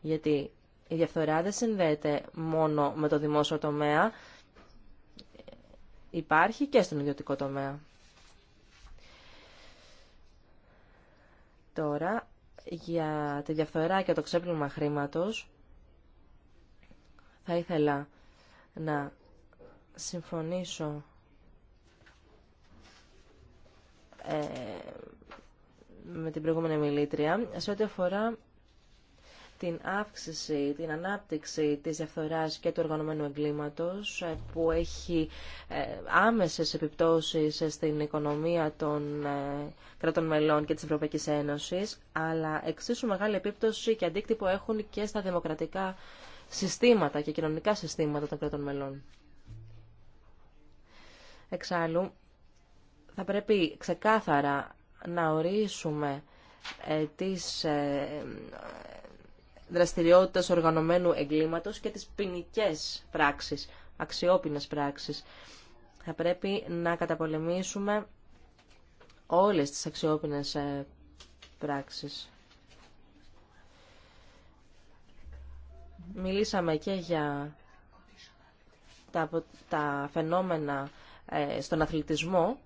Γιατί η διαφθορά δεν συνδέεται μόνο με το δημόσιο τομέα, υπάρχει και στον ιδιωτικό τομέα. Τώρα, για τη διαφθορά και το ξέπλυμα χρήματος, θα ήθελα να συμφωνήσω ε, με την προηγούμενη μιλήτρια σε ό,τι αφορά την αύξηση, την ανάπτυξη της διαφθοράς και του οργανωμένου εγκλήματος ε, που έχει ε, άμεσες επιπτώσεις στην οικονομία των ε, κρατών μελών και της Ευρωπαϊκής Ένωσης αλλά εξίσου μεγάλη επίπτωση και αντίκτυπο έχουν και στα δημοκρατικά συστήματα και κοινωνικά συστήματα των κρατών μελών. Εξάλλου, θα πρέπει ξεκάθαρα να ορίσουμε τις δραστηριότητας οργανωμένου εγκλήματος και τις ποινικέ πράξεις, αξιόπινες πράξεις. Θα πρέπει να καταπολεμήσουμε όλες τις αξιόπινες ε, πράξεις. Μιλήσαμε και για τα, φαινόμενα ε, στον αθλητισμό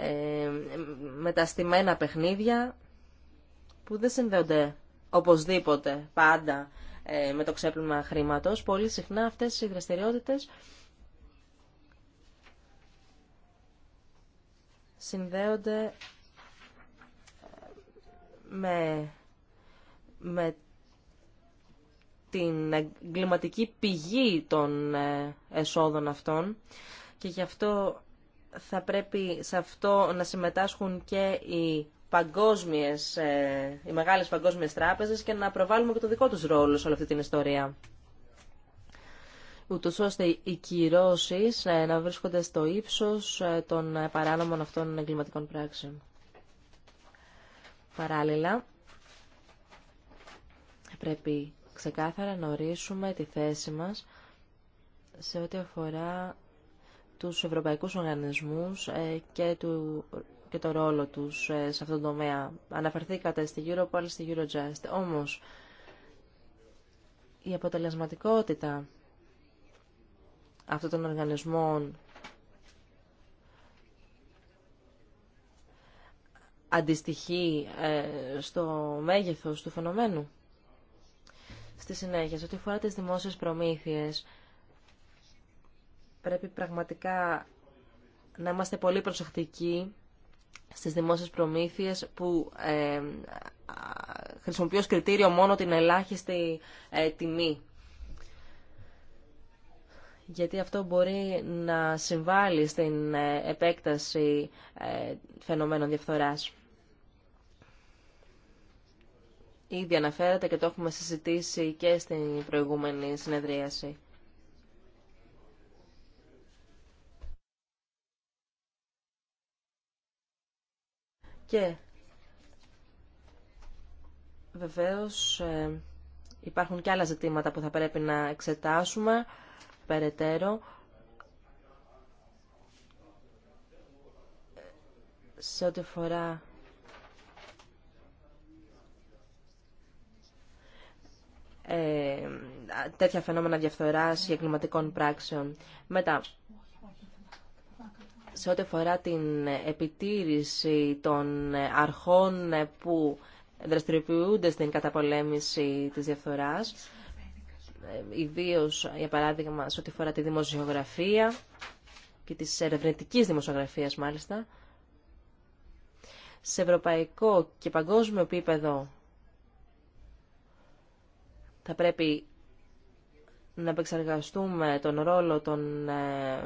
Ε, μεταστημένα παιχνίδια που δεν συνδέονται οπωσδήποτε πάντα ε, με το ξέπλυμα χρήματος. Πολύ συχνά αυτές οι δραστηριότητες συνδέονται ε, με, με την εγκληματική πηγή των εσόδων αυτών και γι' αυτό θα πρέπει σε αυτό να συμμετάσχουν και οι παγκόσμιες, ε, οι μεγάλες παγκόσμιες τράπεζες και να προβάλλουμε και το δικό τους ρόλο σε όλη αυτή την ιστορία. Ούτως ώστε οι κυρώσεις ε, να βρίσκονται στο ύψος ε, των παράνομων αυτών εγκληματικών πράξεων. Παράλληλα, πρέπει ξεκάθαρα να ορίσουμε τη θέση μας σε ό,τι αφορά τους ευρωπαϊκούς οργανισμούς ε, και, του, και το ρόλο τους ε, σε αυτόν τον τομέα. Αναφερθήκατε στη Europol, στη Eurojust. Όμως, η αποτελεσματικότητα αυτών των οργανισμών αντιστοιχεί ε, στο μέγεθος του φαινομένου. Στη συνέχεια, σε ό,τι αφορά τις δημόσιες προμήθειες, πρέπει πραγματικά να είμαστε πολύ προσεκτικοί στις δημόσιες προμήθειες που ε, χρησιμοποιεί ως κριτήριο μόνο την ελάχιστη ε, τιμή. Γιατί αυτό μπορεί να συμβάλλει στην ε, επέκταση ε, φαινομένων διαφθοράς. Ήδη αναφέρατε και το έχουμε συζητήσει και στην προηγούμενη συνεδρίαση. Και βεβαίως ε, υπάρχουν και άλλα ζητήματα που θα πρέπει να εξετάσουμε περαιτέρω. Σε ό,τι αφορά ε, τέτοια φαινόμενα διαφθοράς και εγκληματικών πράξεων. Μετά, σε ό,τι αφορά την επιτήρηση των αρχών που δραστηριοποιούνται στην καταπολέμηση της διαφθοράς, ιδίως, για παράδειγμα, σε ό,τι αφορά τη δημοσιογραφία και της ερευνητικής δημοσιογραφίας, μάλιστα, σε ευρωπαϊκό και παγκόσμιο επίπεδο θα πρέπει να επεξεργαστούμε τον ρόλο των ε,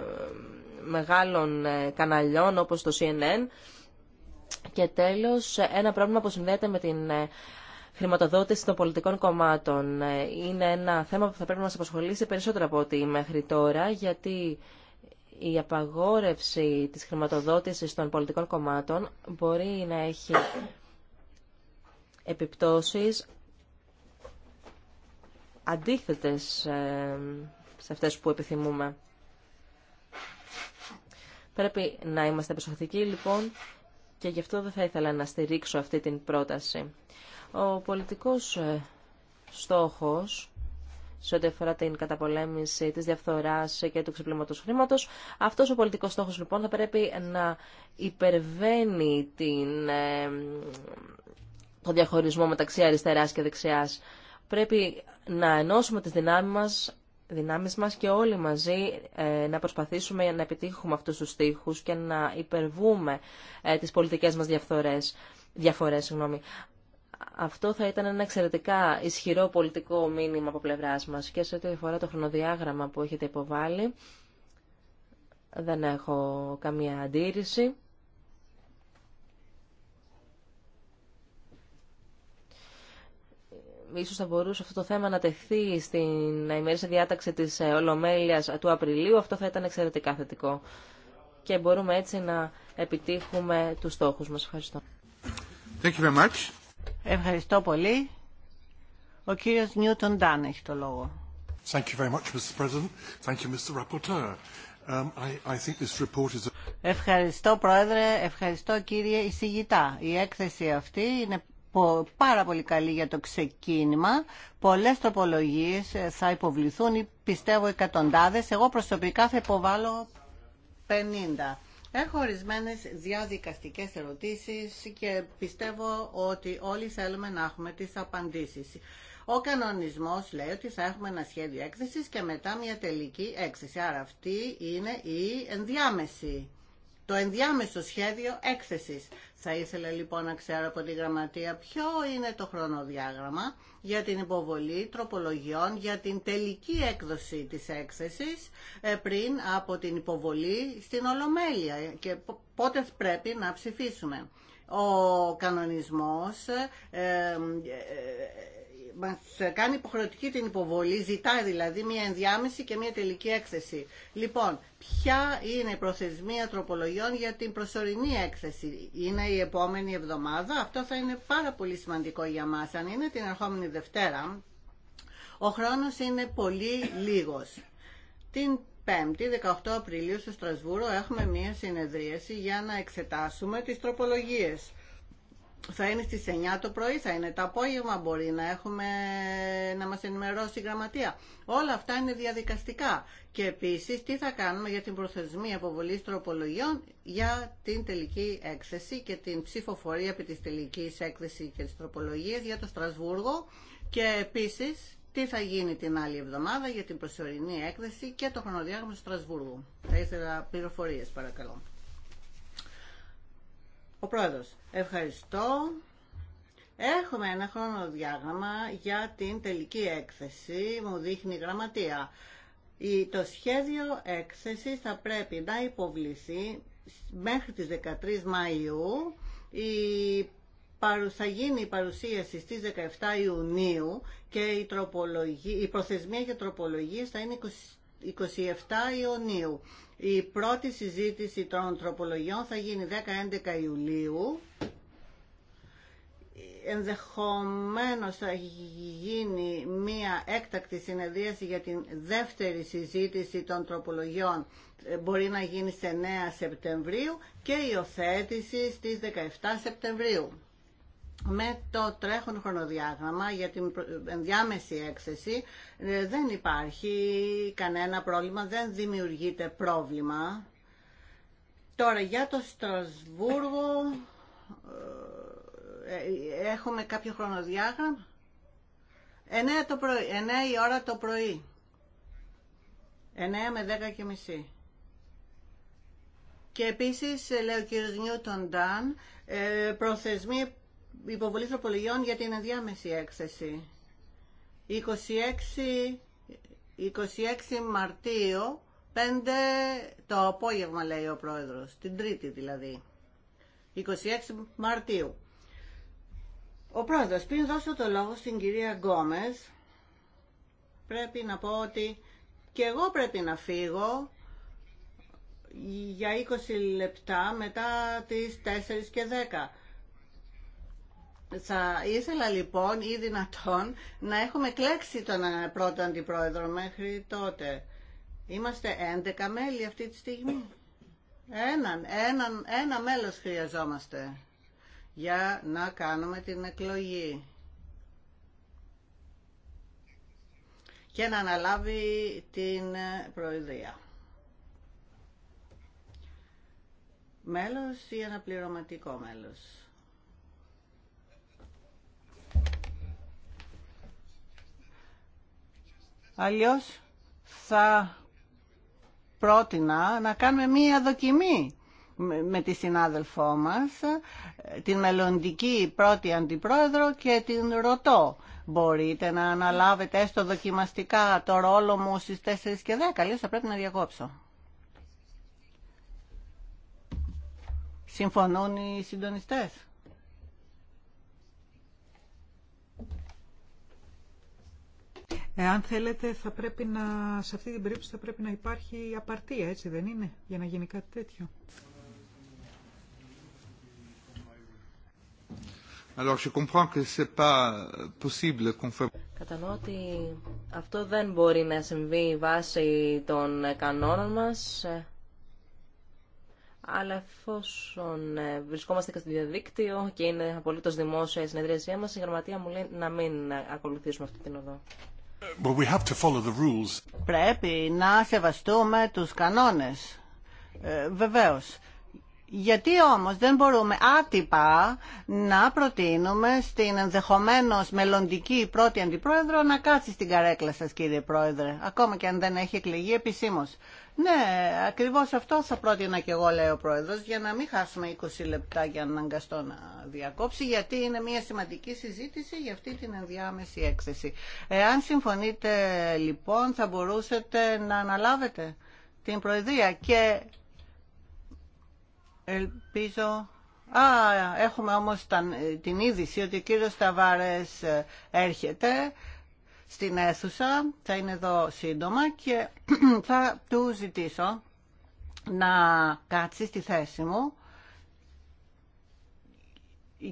μεγάλων ε, καναλιών όπως το CNN. Και τέλος, ένα πρόβλημα που συνδέεται με την ε, χρηματοδότηση των πολιτικών κομμάτων. Ε, είναι ένα θέμα που θα πρέπει να μας απασχολήσει περισσότερο από ό,τι μέχρι τώρα, γιατί η απαγόρευση της χρηματοδότησης των πολιτικών κομμάτων μπορεί να έχει επιπτώσεις αντίθετες σε αυτές που επιθυμούμε. Πρέπει να είμαστε προσεκτικοί λοιπόν και γι' αυτό δεν θα ήθελα να στηρίξω αυτή την πρόταση. Ο πολιτικός ε, στόχος σε ό,τι αφορά την καταπολέμηση της διαφθοράς και του ξεπλήματος χρήματος. Αυτός ο πολιτικός στόχος λοιπόν θα πρέπει να υπερβαίνει την, ε, το διαχωρισμό μεταξύ αριστεράς και δεξιάς. Πρέπει να ενώσουμε τις δυνάμεις μας δυνάμεις μας και όλοι μαζί ε, να προσπαθήσουμε να επιτύχουμε αυτούς τους στίχους και να υπερβούμε ε, τις πολιτικές μας διαφορές. διαφορές συγγνώμη. Αυτό θα ήταν ένα εξαιρετικά ισχυρό πολιτικό μήνυμα από πλευράς μας και σε ό,τι αφορά το χρονοδιάγραμμα που έχετε υποβάλει δεν έχω καμία αντίρρηση. ίσως θα μπορούσε αυτό το θέμα να τεθεί στην ημερήσια διάταξη της ε, Ολομέλειας του Απριλίου, αυτό θα ήταν εξαιρετικά θετικό. Και μπορούμε έτσι να επιτύχουμε τους στόχους μας. Ευχαριστώ. Thank you very much. Ευχαριστώ πολύ. Ο κύριος Νιούτον Ντάν έχει το λόγο. Ευχαριστώ Πρόεδρε, ευχαριστώ κύριε εισηγητά. Η έκθεση αυτή είναι πάρα πολύ καλή για το ξεκίνημα. Πολλές τροπολογίες ε, θα υποβληθούν, πιστεύω εκατοντάδες. Εγώ προσωπικά θα υποβάλω 50. Έχω ορισμένε διαδικαστικές ερωτήσεις και πιστεύω ότι όλοι θέλουμε να έχουμε τις απαντήσεις. Ο κανονισμός λέει ότι θα έχουμε ένα σχέδιο έκθεσης και μετά μια τελική έκθεση. Άρα αυτή είναι η ενδιάμεση το ενδιάμεσο σχέδιο έκθεσης. Θα ήθελα λοιπόν να ξέρω από τη Γραμματεία ποιο είναι το χρονοδιάγραμμα για την υποβολή τροπολογιών για την τελική έκδοση της έκθεσης ε, πριν από την υποβολή στην Ολομέλεια και πότε πρέπει να ψηφίσουμε. Ο κανονισμός ε, ε, μας κάνει υποχρεωτική την υποβολή, ζητάει δηλαδή μια ενδιάμεση και μια τελική έκθεση. Λοιπόν, ποια είναι η προθεσμία τροπολογιών για την προσωρινή έκθεση. Είναι η επόμενη εβδομάδα. Αυτό θα είναι πάρα πολύ σημαντικό για μας. Αν είναι την ερχόμενη Δευτέρα, ο χρόνος είναι πολύ λίγος. Την 5η, 18 Απριλίου στο Στρασβούρο έχουμε μία συνεδρίαση για να εξετάσουμε τις τροπολογίες θα είναι στις 9 το πρωί, θα είναι το απόγευμα, μπορεί να, έχουμε, να μας ενημερώσει η γραμματεία. Όλα αυτά είναι διαδικαστικά. Και επίσης τι θα κάνουμε για την προθεσμία αποβολή τροπολογιών για την τελική έκθεση και την ψηφοφορία επί της τελικής έκθεση και της τροπολογίας για το Στρασβούργο και επίσης τι θα γίνει την άλλη εβδομάδα για την προσωρινή έκθεση και το χρονοδιάγραμμα του Στρασβούργου. Θα ήθελα πληροφορίες παρακαλώ. Ο πρόεδρος, ευχαριστώ. Έχουμε ένα χρονοδιάγραμμα για την τελική έκθεση, μου δείχνει η γραμματεία. Το σχέδιο έκθεσης θα πρέπει να υποβληθεί μέχρι τις 13 Μαΐου. Η θα γίνει η παρουσίαση στις 17 Ιουνίου και η, η προθεσμία για τροπολογίες θα είναι 27 Ιουνίου. Η πρώτη συζήτηση των τροπολογιών θα γίνει 10-11 Ιουλίου. Ενδεχομένως θα γίνει μία έκτακτη συνεδρίαση για την δεύτερη συζήτηση των τροπολογιών. Ε, μπορεί να γίνει σε 9 Σεπτεμβρίου και η οθέτηση στις 17 Σεπτεμβρίου με το τρέχον χρονοδιάγραμμα για την ενδιάμεση έκθεση ε, δεν υπάρχει κανένα πρόβλημα, δεν δημιουργείται πρόβλημα. Τώρα για το Στρασβούργο ε, ε, έχουμε κάποιο χρονοδιάγραμμα. 9, το 9 η ώρα το πρωί. 9 με 10 και μισή. Και επίσης, λέει ο κύριος Νιούτον Ντάν, προθεσμοί υποβολή τροπολογιών για την ενδιάμεση έκθεση. 26, 26 Μαρτίου, 5 το απόγευμα λέει ο πρόεδρος, την τρίτη δηλαδή. 26 Μαρτίου. Ο πρόεδρος, πριν δώσω το λόγο στην κυρία Γκόμες, πρέπει να πω ότι και εγώ πρέπει να φύγω για 20 λεπτά μετά τις 4 και 10. Θα ήθελα λοιπόν ή δυνατόν να έχουμε κλέξει τον ε, πρώτο αντιπρόεδρο μέχρι τότε. Είμαστε 11 μέλη αυτή τη στιγμή. Έναν, ένα μέλος χρειαζόμαστε για να κάνουμε την εκλογή. και να αναλάβει την ε, προεδρία. Μέλος ή αναπληρωματικό μέλος. Αλλιώς θα πρότεινα να κάνουμε μία δοκιμή με τη συνάδελφό μας, την μελλοντική πρώτη αντιπρόεδρο και την ρωτώ. Μπορείτε να αναλάβετε έστω δοκιμαστικά το ρόλο μου στις 4 και 10, αλλιώς θα πρέπει να διακόψω. Συμφωνούν οι συντονιστές. Εάν θέλετε, θα πρέπει να, σε αυτή την περίπτωση θα πρέπει να υπάρχει απαρτία, έτσι δεν είναι, για να γίνει κάτι τέτοιο. Alors, euh, Κατανοώ ότι αυτό δεν μπορεί να συμβεί βάσει των κανόνων μας, ε, αλλά εφόσον ε, βρισκόμαστε και στο διαδίκτυο και είναι απολύτως δημόσια η συνεδρίασή μας, η γραμματεία μου λέει να μην ε, ακολουθήσουμε αυτή την οδό. But we have to follow the rules. Πρέπει να σεβαστούμε τους κανόνες. Ε, βεβαίως. Γιατί όμως δεν μπορούμε άτυπα να προτείνουμε στην ενδεχομένω μελλοντική πρώτη αντιπρόεδρο να κάτσει στην καρέκλα σας κύριε πρόεδρε, ακόμα και αν δεν έχει εκλεγεί επισήμω. Ναι, ακριβώς αυτό θα πρότεινα και εγώ λέει ο πρόεδρος για να μην χάσουμε 20 λεπτά για να αναγκαστώ να διακόψει γιατί είναι μια σημαντική συζήτηση για αυτή την ενδιάμεση έκθεση. Εάν συμφωνείτε λοιπόν θα μπορούσατε να αναλάβετε την Προεδρία και Ελπίζω... Α, έχουμε όμως την είδηση ότι ο κύριος Ταβάρες ε, έρχεται στην αίθουσα, θα είναι εδώ σύντομα και <clears throat> θα του ζητήσω να κάτσει στη θέση μου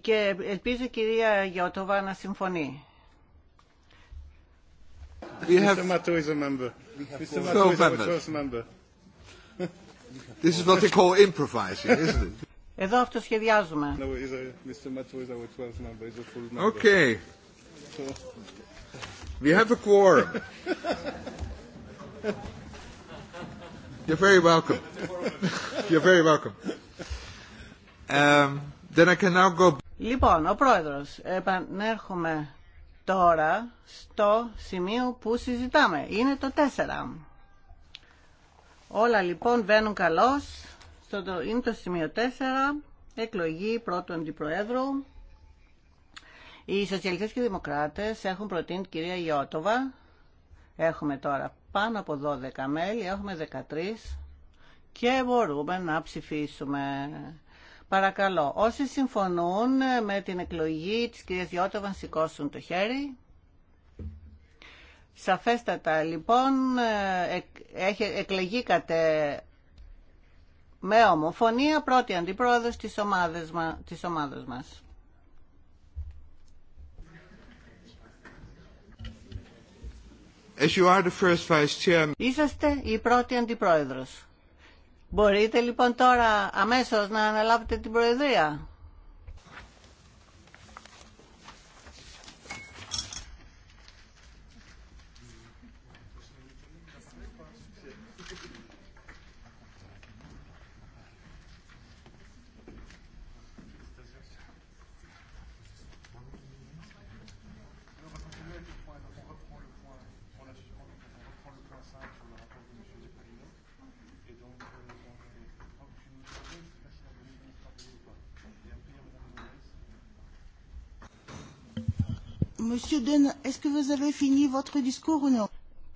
και ελπίζω η κυρία Γιώτοβα να συμφωνεί. This is what they call improvising, isn't it? Εδώ αυτό σχεδιάζουμε. Okay. We have a quorum. You're very welcome. You're very welcome. Um, then I can now go... Λοιπόν, ο πρόεδρος, επανέρχομαι τώρα στο σημείο που συζητάμε. Είναι το 4. Όλα λοιπόν βαίνουν καλώς. Στο, είναι το σημείο 4, εκλογή πρώτου αντιπροέδρου. Οι σοσιαλιστές και οι δημοκράτες έχουν προτείνει την κυρία Ιώτοβα. Έχουμε τώρα πάνω από 12 μέλη, έχουμε 13 και μπορούμε να ψηφίσουμε. Παρακαλώ, όσοι συμφωνούν με την εκλογή της κυρίας Ιώτοβα, σηκώσουν το χέρι. Σαφέστατα λοιπόν ε, εκλεγήκατε με ομοφωνία πρώτη αντιπρόεδρος της ομάδας, της ομάδας μας. you Είσαστε η πρώτη αντιπρόεδρος. Μπορείτε λοιπόν τώρα αμέσως να αναλάβετε την προεδρία.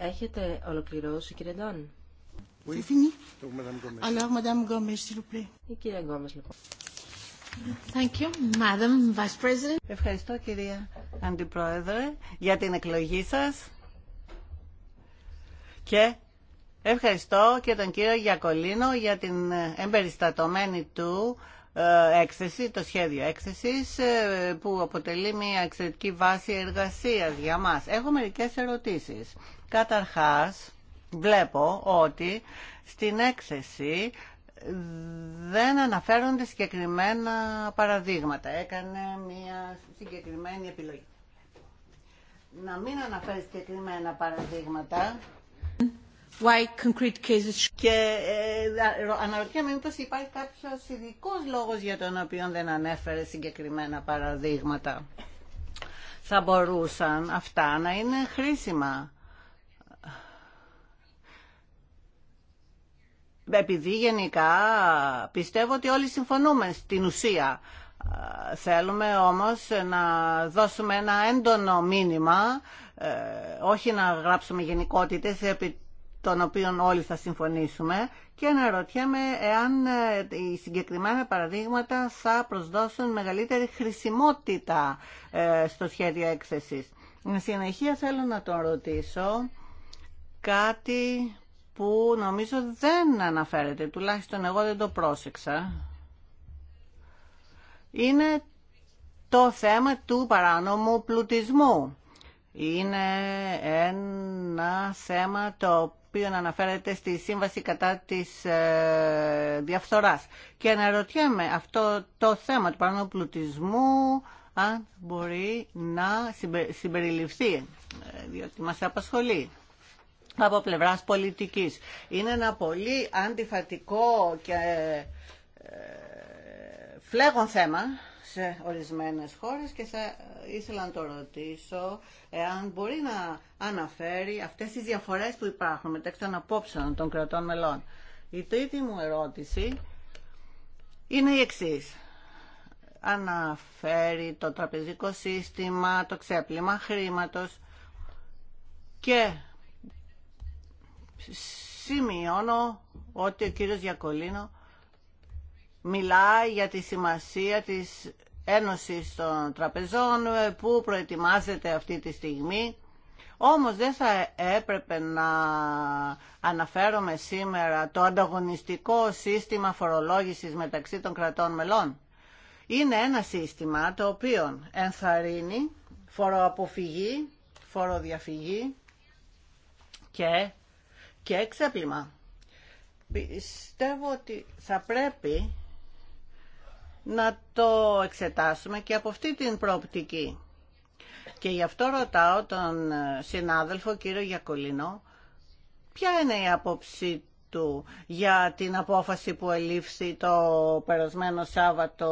Έχετε ολοκληρώσει, κύριε Ευχαριστώ, κυρία Αντιπρόεδρε, για την εκλογή σας. Και ευχαριστώ και τον κύριο Γιακολίνο για την εμπεριστατωμένη του ε, έκθεση, το σχέδιο έκθεσης ε, που αποτελεί μια εξαιρετική βάση εργασίας για μας. Έχω μερικές ερωτήσεις. Καταρχάς, βλέπω ότι στην έκθεση δεν αναφέρονται συγκεκριμένα παραδείγματα. Έκανε μια συγκεκριμένη επιλογή. Να μην αναφέρει συγκεκριμένα παραδείγματα Why concrete cases... Και ε, αναρωτιέμαι μήπως υπάρχει κάποιος ειδικό λόγος για τον οποίο δεν ανέφερε συγκεκριμένα παραδείγματα. Θα μπορούσαν αυτά να είναι χρήσιμα. Επειδή γενικά πιστεύω ότι όλοι συμφωνούμε στην ουσία. Ε, θέλουμε όμως να δώσουμε ένα έντονο μήνυμα, ε, όχι να γράψουμε γενικότητες επί των οποίων όλοι θα συμφωνήσουμε και αναρωτιέμαι εάν ε, οι συγκεκριμένα παραδείγματα θα προσδώσουν μεγαλύτερη χρησιμότητα ε, στο σχέδιο έκθεσης. Συνεχία συνεχεία θέλω να τον ρωτήσω κάτι που νομίζω δεν αναφέρεται, τουλάχιστον εγώ δεν το πρόσεξα. Είναι το θέμα του παράνομου πλουτισμού. Είναι ένα θέμα το οποίο αναφέρεται στη Σύμβαση κατά της ε, διαφθοράς. Και αναρωτιέμαι αυτό το θέμα του παρανοπλουτισμού πλουτισμού αν μπορεί να συμπεριληφθεί, ε, διότι μας απασχολεί από πλευράς πολιτικής. Είναι ένα πολύ αντιφατικό και ε, φλέγον θέμα σε ορισμένες χώρες και σε ήθελα να το ρωτήσω εάν μπορεί να αναφέρει αυτές τις διαφορές που υπάρχουν μεταξύ των απόψεων των κρατών μελών. Η τρίτη μου ερώτηση είναι η εξής. Αναφέρει το τραπεζικό σύστημα, το ξέπλυμα χρήματος και σημειώνω ότι ο κύριος Γιακολίνο μιλάει για τη σημασία της Ένωση των Τραπεζών ε, που προετοιμάζεται αυτή τη στιγμή. Όμως δεν θα έπρεπε να αναφέρομαι σήμερα το ανταγωνιστικό σύστημα φορολόγησης μεταξύ των κρατών μελών. Είναι ένα σύστημα το οποίο ενθαρρύνει φοροαποφυγή, φοροδιαφυγή και, και εξέπλημα. Πιστεύω ότι θα πρέπει να το εξετάσουμε και από αυτή την προοπτική. Και γι' αυτό ρωτάω τον συνάδελφο κύριο Γιακολίνο ποια είναι η απόψη του για την απόφαση που ελήφθη το περασμένο Σάββατο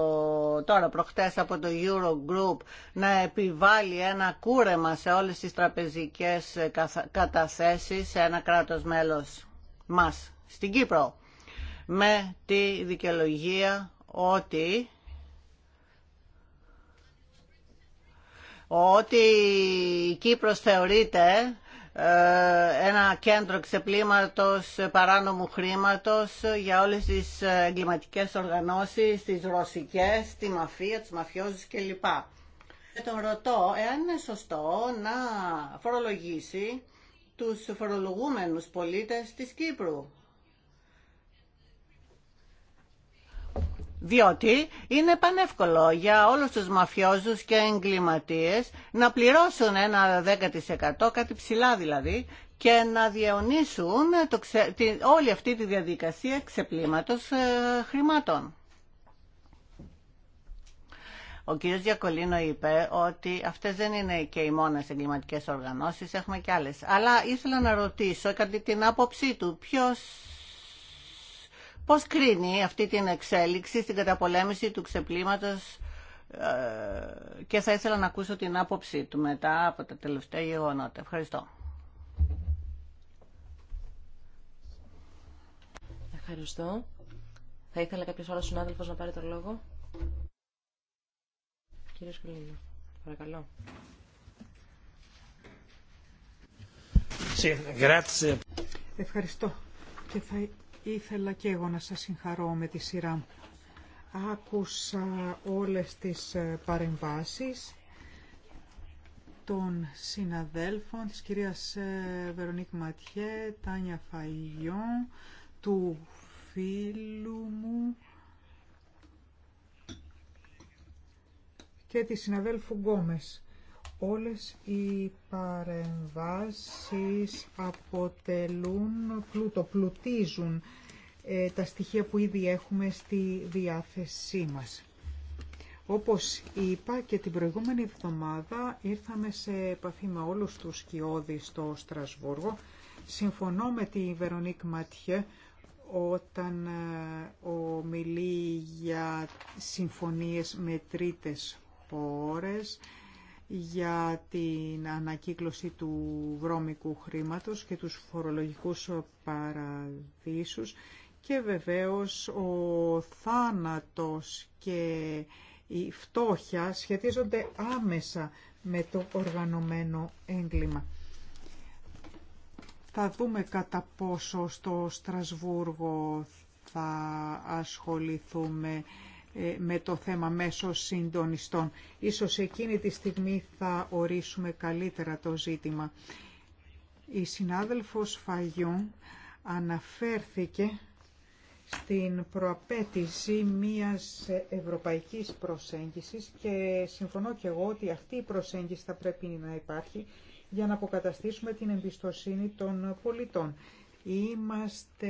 τώρα προχτές από το Eurogroup να επιβάλλει ένα κούρεμα σε όλες τις τραπεζικές καταθέσεις σε ένα κράτος μέλος μας στην Κύπρο με τη δικαιολογία ότι ότι η Κύπρος θεωρείται ε, ένα κέντρο ξεπλήματος παράνομου χρήματος για όλες τις εγκληματικές οργανώσεις, τις ρωσικές, τη μαφία, τις μαφιόζους κλπ. Και τον ρωτώ εάν είναι σωστό να φορολογήσει τους φορολογούμενους πολίτες της Κύπρου. Διότι είναι πανεύκολο για όλους τους μαφιόζους και εγκληματίες να πληρώσουν ένα 10% κάτι ψηλά δηλαδή και να διαιωνίσουν το όλη αυτή τη διαδικασία ξεπλήματος ε, χρημάτων. Ο κ. Διακολίνο είπε ότι αυτές δεν είναι και οι μόνες εγκληματικές οργανώσεις, έχουμε και άλλες. Αλλά ήθελα να ρωτήσω κατά την άποψή του πώς κρίνει αυτή την εξέλιξη στην καταπολέμηση του ξεπλήματος ε, και θα ήθελα να ακούσω την άποψή του μετά από τα τελευταία γεγονότα. Ευχαριστώ. Ευχαριστώ. Θα ήθελα κάποιος άλλος συνάδελφος να πάρει το λόγο. Κύριε Σκουλίνο, παρακαλώ. Ευχαριστώ. Και Ήθελα και εγώ να σας συγχαρώ με τη σειρά Άκουσα όλες τις ε, παρεμβάσεις των συναδέλφων της κυρίας ε, Βερονίκ Ματιέ, Τάνια Φαϊγιόν, του φίλου μου και τη συναδέλφου Γκόμες. Όλες οι παρεμβάσεις αποτελούν πλούτο, πλουτίζουν ε, τα στοιχεία που ήδη έχουμε στη διάθεσή μας. Όπως είπα και την προηγούμενη εβδομάδα ήρθαμε σε επαφή με όλους τους σκιώδεις στο Στρασβούργο. Συμφωνώ με τη Βερονίκ Ματιέ όταν ε, μιλεί για συμφωνίες με τρίτες χώρες για την ανακύκλωση του βρώμικου χρήματος και τους φορολογικούς παραδείσους και βεβαίως ο θάνατος και η φτώχεια σχετίζονται άμεσα με το οργανωμένο έγκλημα. Θα δούμε κατά πόσο στο Στρασβούργο θα ασχοληθούμε ε, με το θέμα μέσω συντονιστών. Ίσως εκείνη τη στιγμή θα ορίσουμε καλύτερα το ζήτημα. Η συνάδελφος Φαγιούν αναφέρθηκε στην προαπέτηση μιας ευρωπαϊκής προσέγγισης και συμφωνώ και εγώ ότι αυτή η προσέγγιση θα πρέπει να υπάρχει για να αποκαταστήσουμε την εμπιστοσύνη των πολιτών. Είμαστε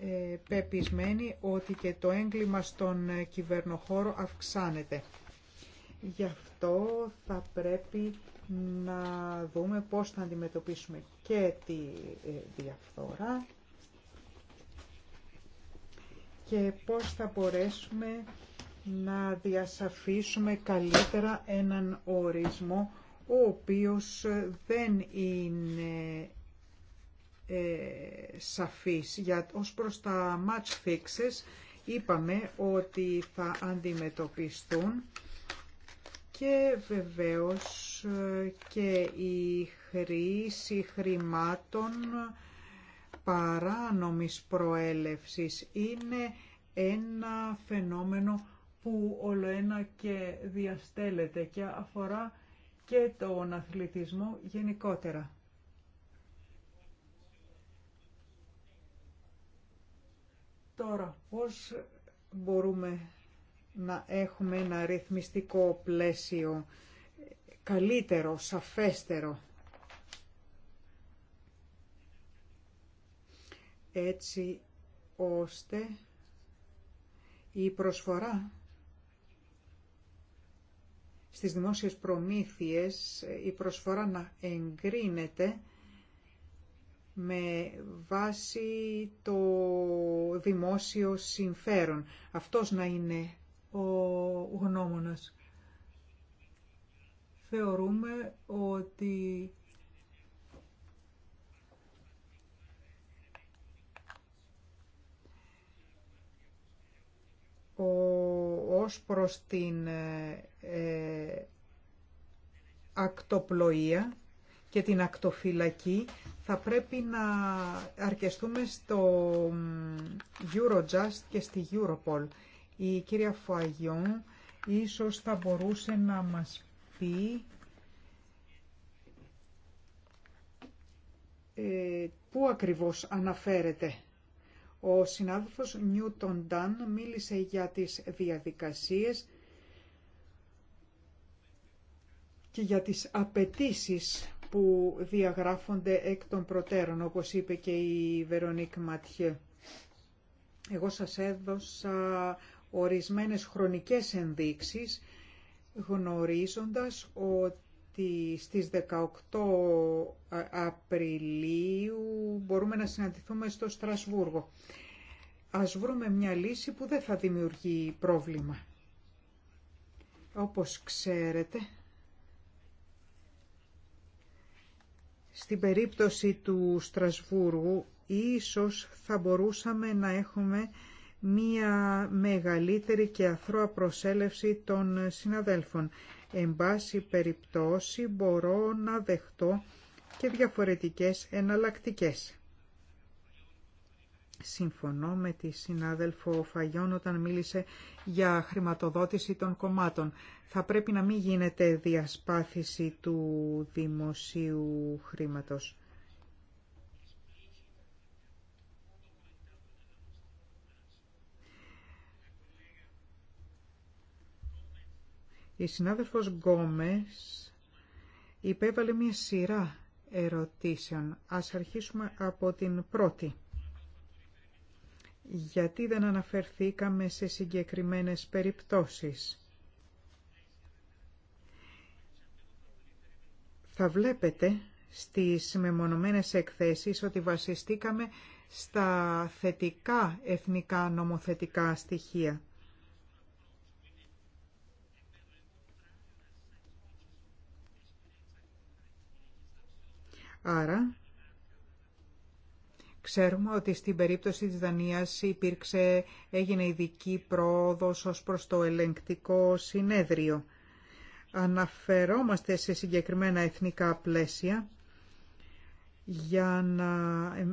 ε, πεπισμένοι ότι και το έγκλημα στον ε, κυβερνοχώρο αυξάνεται. Γι' αυτό θα πρέπει να δούμε πώς θα αντιμετωπίσουμε και τη ε, διαφθορά και πώς θα μπορέσουμε να διασαφίσουμε καλύτερα έναν ορισμό ο οποίος δεν είναι ε, σαφής. Για, ως προς τα match fixes είπαμε ότι θα αντιμετωπιστούν και βεβαίως ε, και η χρήση χρημάτων παράνομης προέλευσης είναι ένα φαινόμενο που όλο ένα και διαστέλλεται και αφορά και τον αθλητισμό γενικότερα. Τώρα, πώς μπορούμε να έχουμε ένα ρυθμιστικό πλαίσιο καλύτερο, σαφέστερο. Έτσι ώστε η προσφορά στις δημόσιες προμήθειες, η προσφορά να εγκρίνεται με βάση το δημόσιο συμφέρον. Αυτός να είναι ο γνώμονας. Θεωρούμε ότι ο, ως προς την ε, ε ακτοπλοεία και την ακτοφυλακή θα πρέπει να αρκεστούμε στο Eurojust και στη Europol. Η κυρία Φουαγιόν ίσως θα μπορούσε να μας πει ε, πού ακριβώς αναφέρεται. Ο συνάδελφος Νιούτον Ντάν μίλησε για τις διαδικασίες και για τις απαιτήσει που διαγράφονται εκ των προτέρων, όπως είπε και η Βερονίκ Ματιέ. Εγώ σας έδωσα ορισμένες χρονικές ενδείξεις, γνωρίζοντας ότι στις 18 Απριλίου μπορούμε να συναντηθούμε στο Στρασβούργο. Ας βρούμε μια λύση που δεν θα δημιουργεί πρόβλημα. Όπως ξέρετε, Στην περίπτωση του Στρασβούργου ίσως θα μπορούσαμε να έχουμε μία μεγαλύτερη και αθρώα προσέλευση των συναδέλφων. Εν πάση περιπτώσει μπορώ να δεχτώ και διαφορετικές εναλλακτικές. Συμφωνώ με τη συνάδελφο Φαγιόν όταν μίλησε για χρηματοδότηση των κομμάτων. Θα πρέπει να μην γίνεται διασπάθηση του δημοσίου χρήματος. Η συνάδελφος Γκόμες υπέβαλε μια σειρά ερωτήσεων. Ας αρχίσουμε από την πρώτη γιατί δεν αναφερθήκαμε σε συγκεκριμένες περιπτώσεις. Θα βλέπετε στις μεμονωμένες εκθέσεις ότι βασιστήκαμε στα θετικά εθνικά νομοθετικά στοιχεία. Άρα Ξέρουμε ότι στην περίπτωση της Δανίας υπήρξε, έγινε ειδική πρόοδος ως προς το ελεγκτικό συνέδριο. Αναφερόμαστε σε συγκεκριμένα εθνικά πλαίσια για να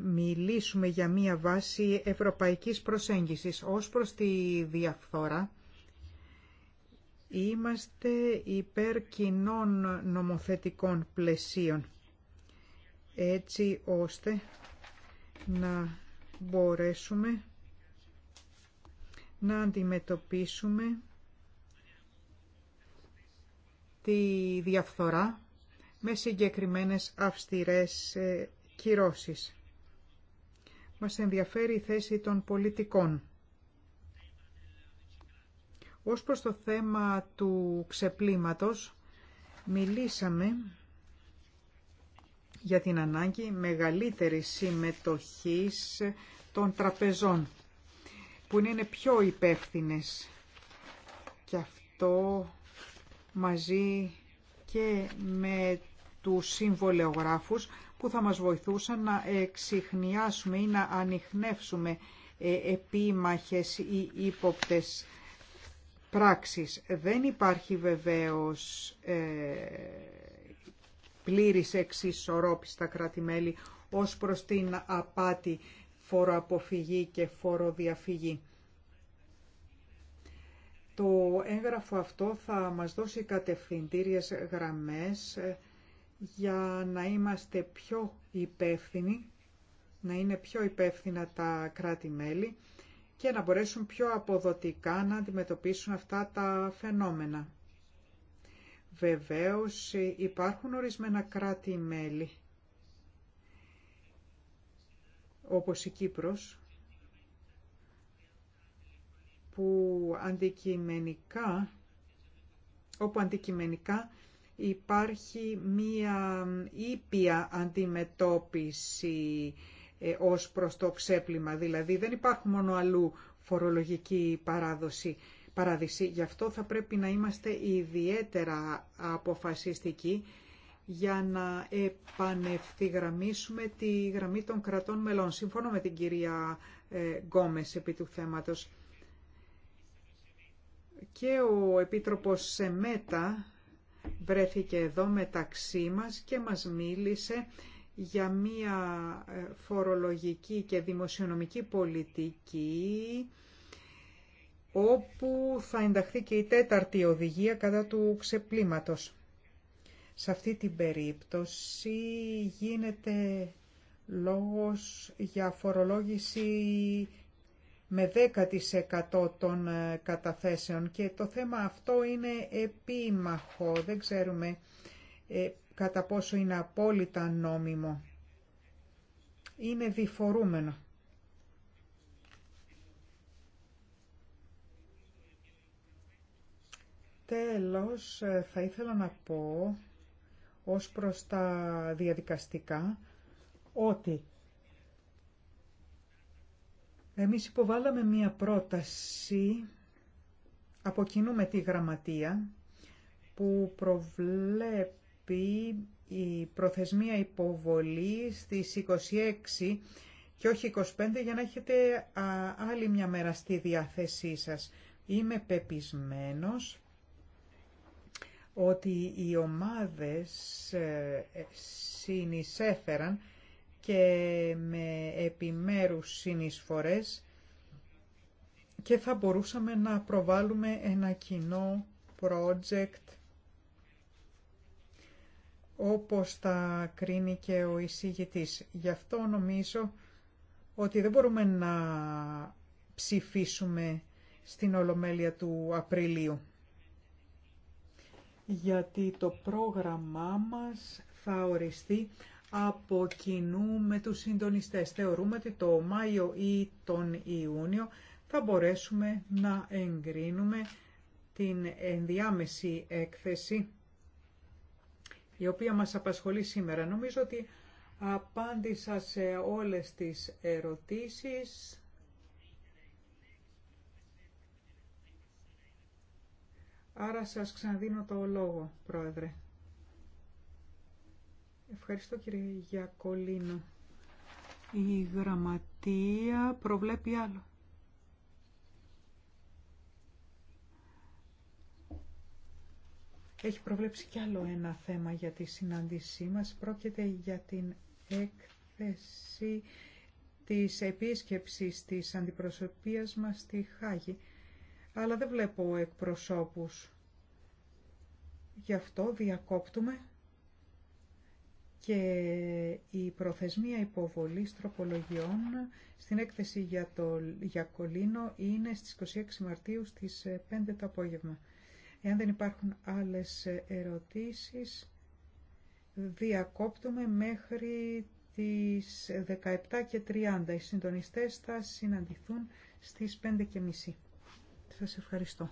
μιλήσουμε για μία βάση ευρωπαϊκής προσέγγισης ως προς τη διαφθόρα. Είμαστε υπέρ κοινών νομοθετικών πλαισίων, έτσι ώστε να μπορέσουμε να αντιμετωπίσουμε τη διαφθορά με συγκεκριμένες αυστηρές ε, κυρώσεις. Μας ενδιαφέρει η θέση των πολιτικών. Ως προς το θέμα του ξεπλήματος, μιλήσαμε για την ανάγκη μεγαλύτερης συμμετοχής των τραπεζών που είναι πιο υπεύθυνες και αυτό μαζί και με τους συμβολεογράφους που θα μας βοηθούσαν να εξηχνιάσουμε ή να ανοιχνεύσουμε ε, επίμαχες ή ύποπτες πράξεις. Δεν υπάρχει βεβαίως ε, πλήρης εξισορρόπηση στα κράτη-μέλη ως προς την απάτη φοροαποφυγή και φοροδιαφυγή. Το έγγραφο αυτό θα μας δώσει κατευθυντήριες γραμμές ε, για να είμαστε πιο υπεύθυνοι, να είναι πιο υπεύθυνα τα κράτη-μέλη και να μπορέσουν πιο αποδοτικά να αντιμετωπίσουν αυτά τα φαινόμενα. Βεβαίως ε, υπάρχουν ορισμένα κράτη-μέλη, όπως η Κύπρος, που αντικειμενικά, όπου αντικειμενικά υπάρχει μία ήπια αντιμετώπιση ε, ως προς το ξέπλυμα. Δηλαδή δεν υπάρχουν μόνο αλλού φορολογική παράδοση. Παραδεισί. Γι' αυτό θα πρέπει να είμαστε ιδιαίτερα αποφασιστικοί για να επανευθυγραμμίσουμε τη γραμμή των κρατών μελών. Σύμφωνα με την κυρία ε, Γκόμες επί του θέματος. Και ο Επίτροπος Σεμέτα βρέθηκε εδώ μεταξύ μας και μας μίλησε για μία ε, φορολογική και δημοσιονομική πολιτική όπου θα ενταχθεί και η τέταρτη οδηγία κατά του ξεπλήματος. Σε αυτή την περίπτωση γίνεται λόγος για φορολόγηση με 10% των ε, καταθέσεων και το θέμα αυτό είναι επίμαχο, δεν ξέρουμε ε, κατά πόσο είναι απόλυτα νόμιμο. Είναι διφορούμενο. Τέλος, ε, θα ήθελα να πω ως προς τα διαδικαστικά ότι εμείς υποβάλαμε μία πρόταση από κοινού με τη γραμματεία που προβλέπει η προθεσμία υποβολή στις 26 και όχι 25 για να έχετε άλλη μια μέρα στη διάθεσή σας. Είμαι πεπισμένος ότι οι ομάδες ε, συνεισέφεραν και με επιμέρους συνεισφορές και θα μπορούσαμε να προβάλλουμε ένα κοινό project όπως τα κρίνει και ο εισηγητής. Γι' αυτό νομίζω ότι δεν μπορούμε να ψηφίσουμε στην Ολομέλεια του Απριλίου γιατί το πρόγραμμά μας θα οριστεί από κοινού με τους συντονιστές. Θεωρούμε ότι το Μάιο ή τον Ιούνιο θα μπορέσουμε να εγκρίνουμε την ενδιάμεση έκθεση η οποία μας απασχολεί σήμερα. Νομίζω ότι απάντησα σε όλες τις ερωτήσεις. Άρα σας ξαναδίνω το λόγο, Πρόεδρε. Ευχαριστώ κύριε Γιακολίνο. Η γραμματεία προβλέπει άλλο. Έχει προβλέψει κι άλλο ένα θέμα για τη συνάντησή μας. Πρόκειται για την έκθεση της επίσκεψης της αντιπροσωπείας μας στη Χάγη αλλά δεν βλέπω εκπροσώπους. Γι' αυτό διακόπτουμε και η προθεσμία υποβολής τροπολογιών στην έκθεση για, το, για Κολίνο είναι στις 26 Μαρτίου στις 5 ε, το απόγευμα. Εάν δεν υπάρχουν άλλες ε, ερωτήσεις, διακόπτουμε μέχρι τις 17.30. Οι συντονιστές θα συναντηθούν στις 5.30. Σας ευχαριστώ.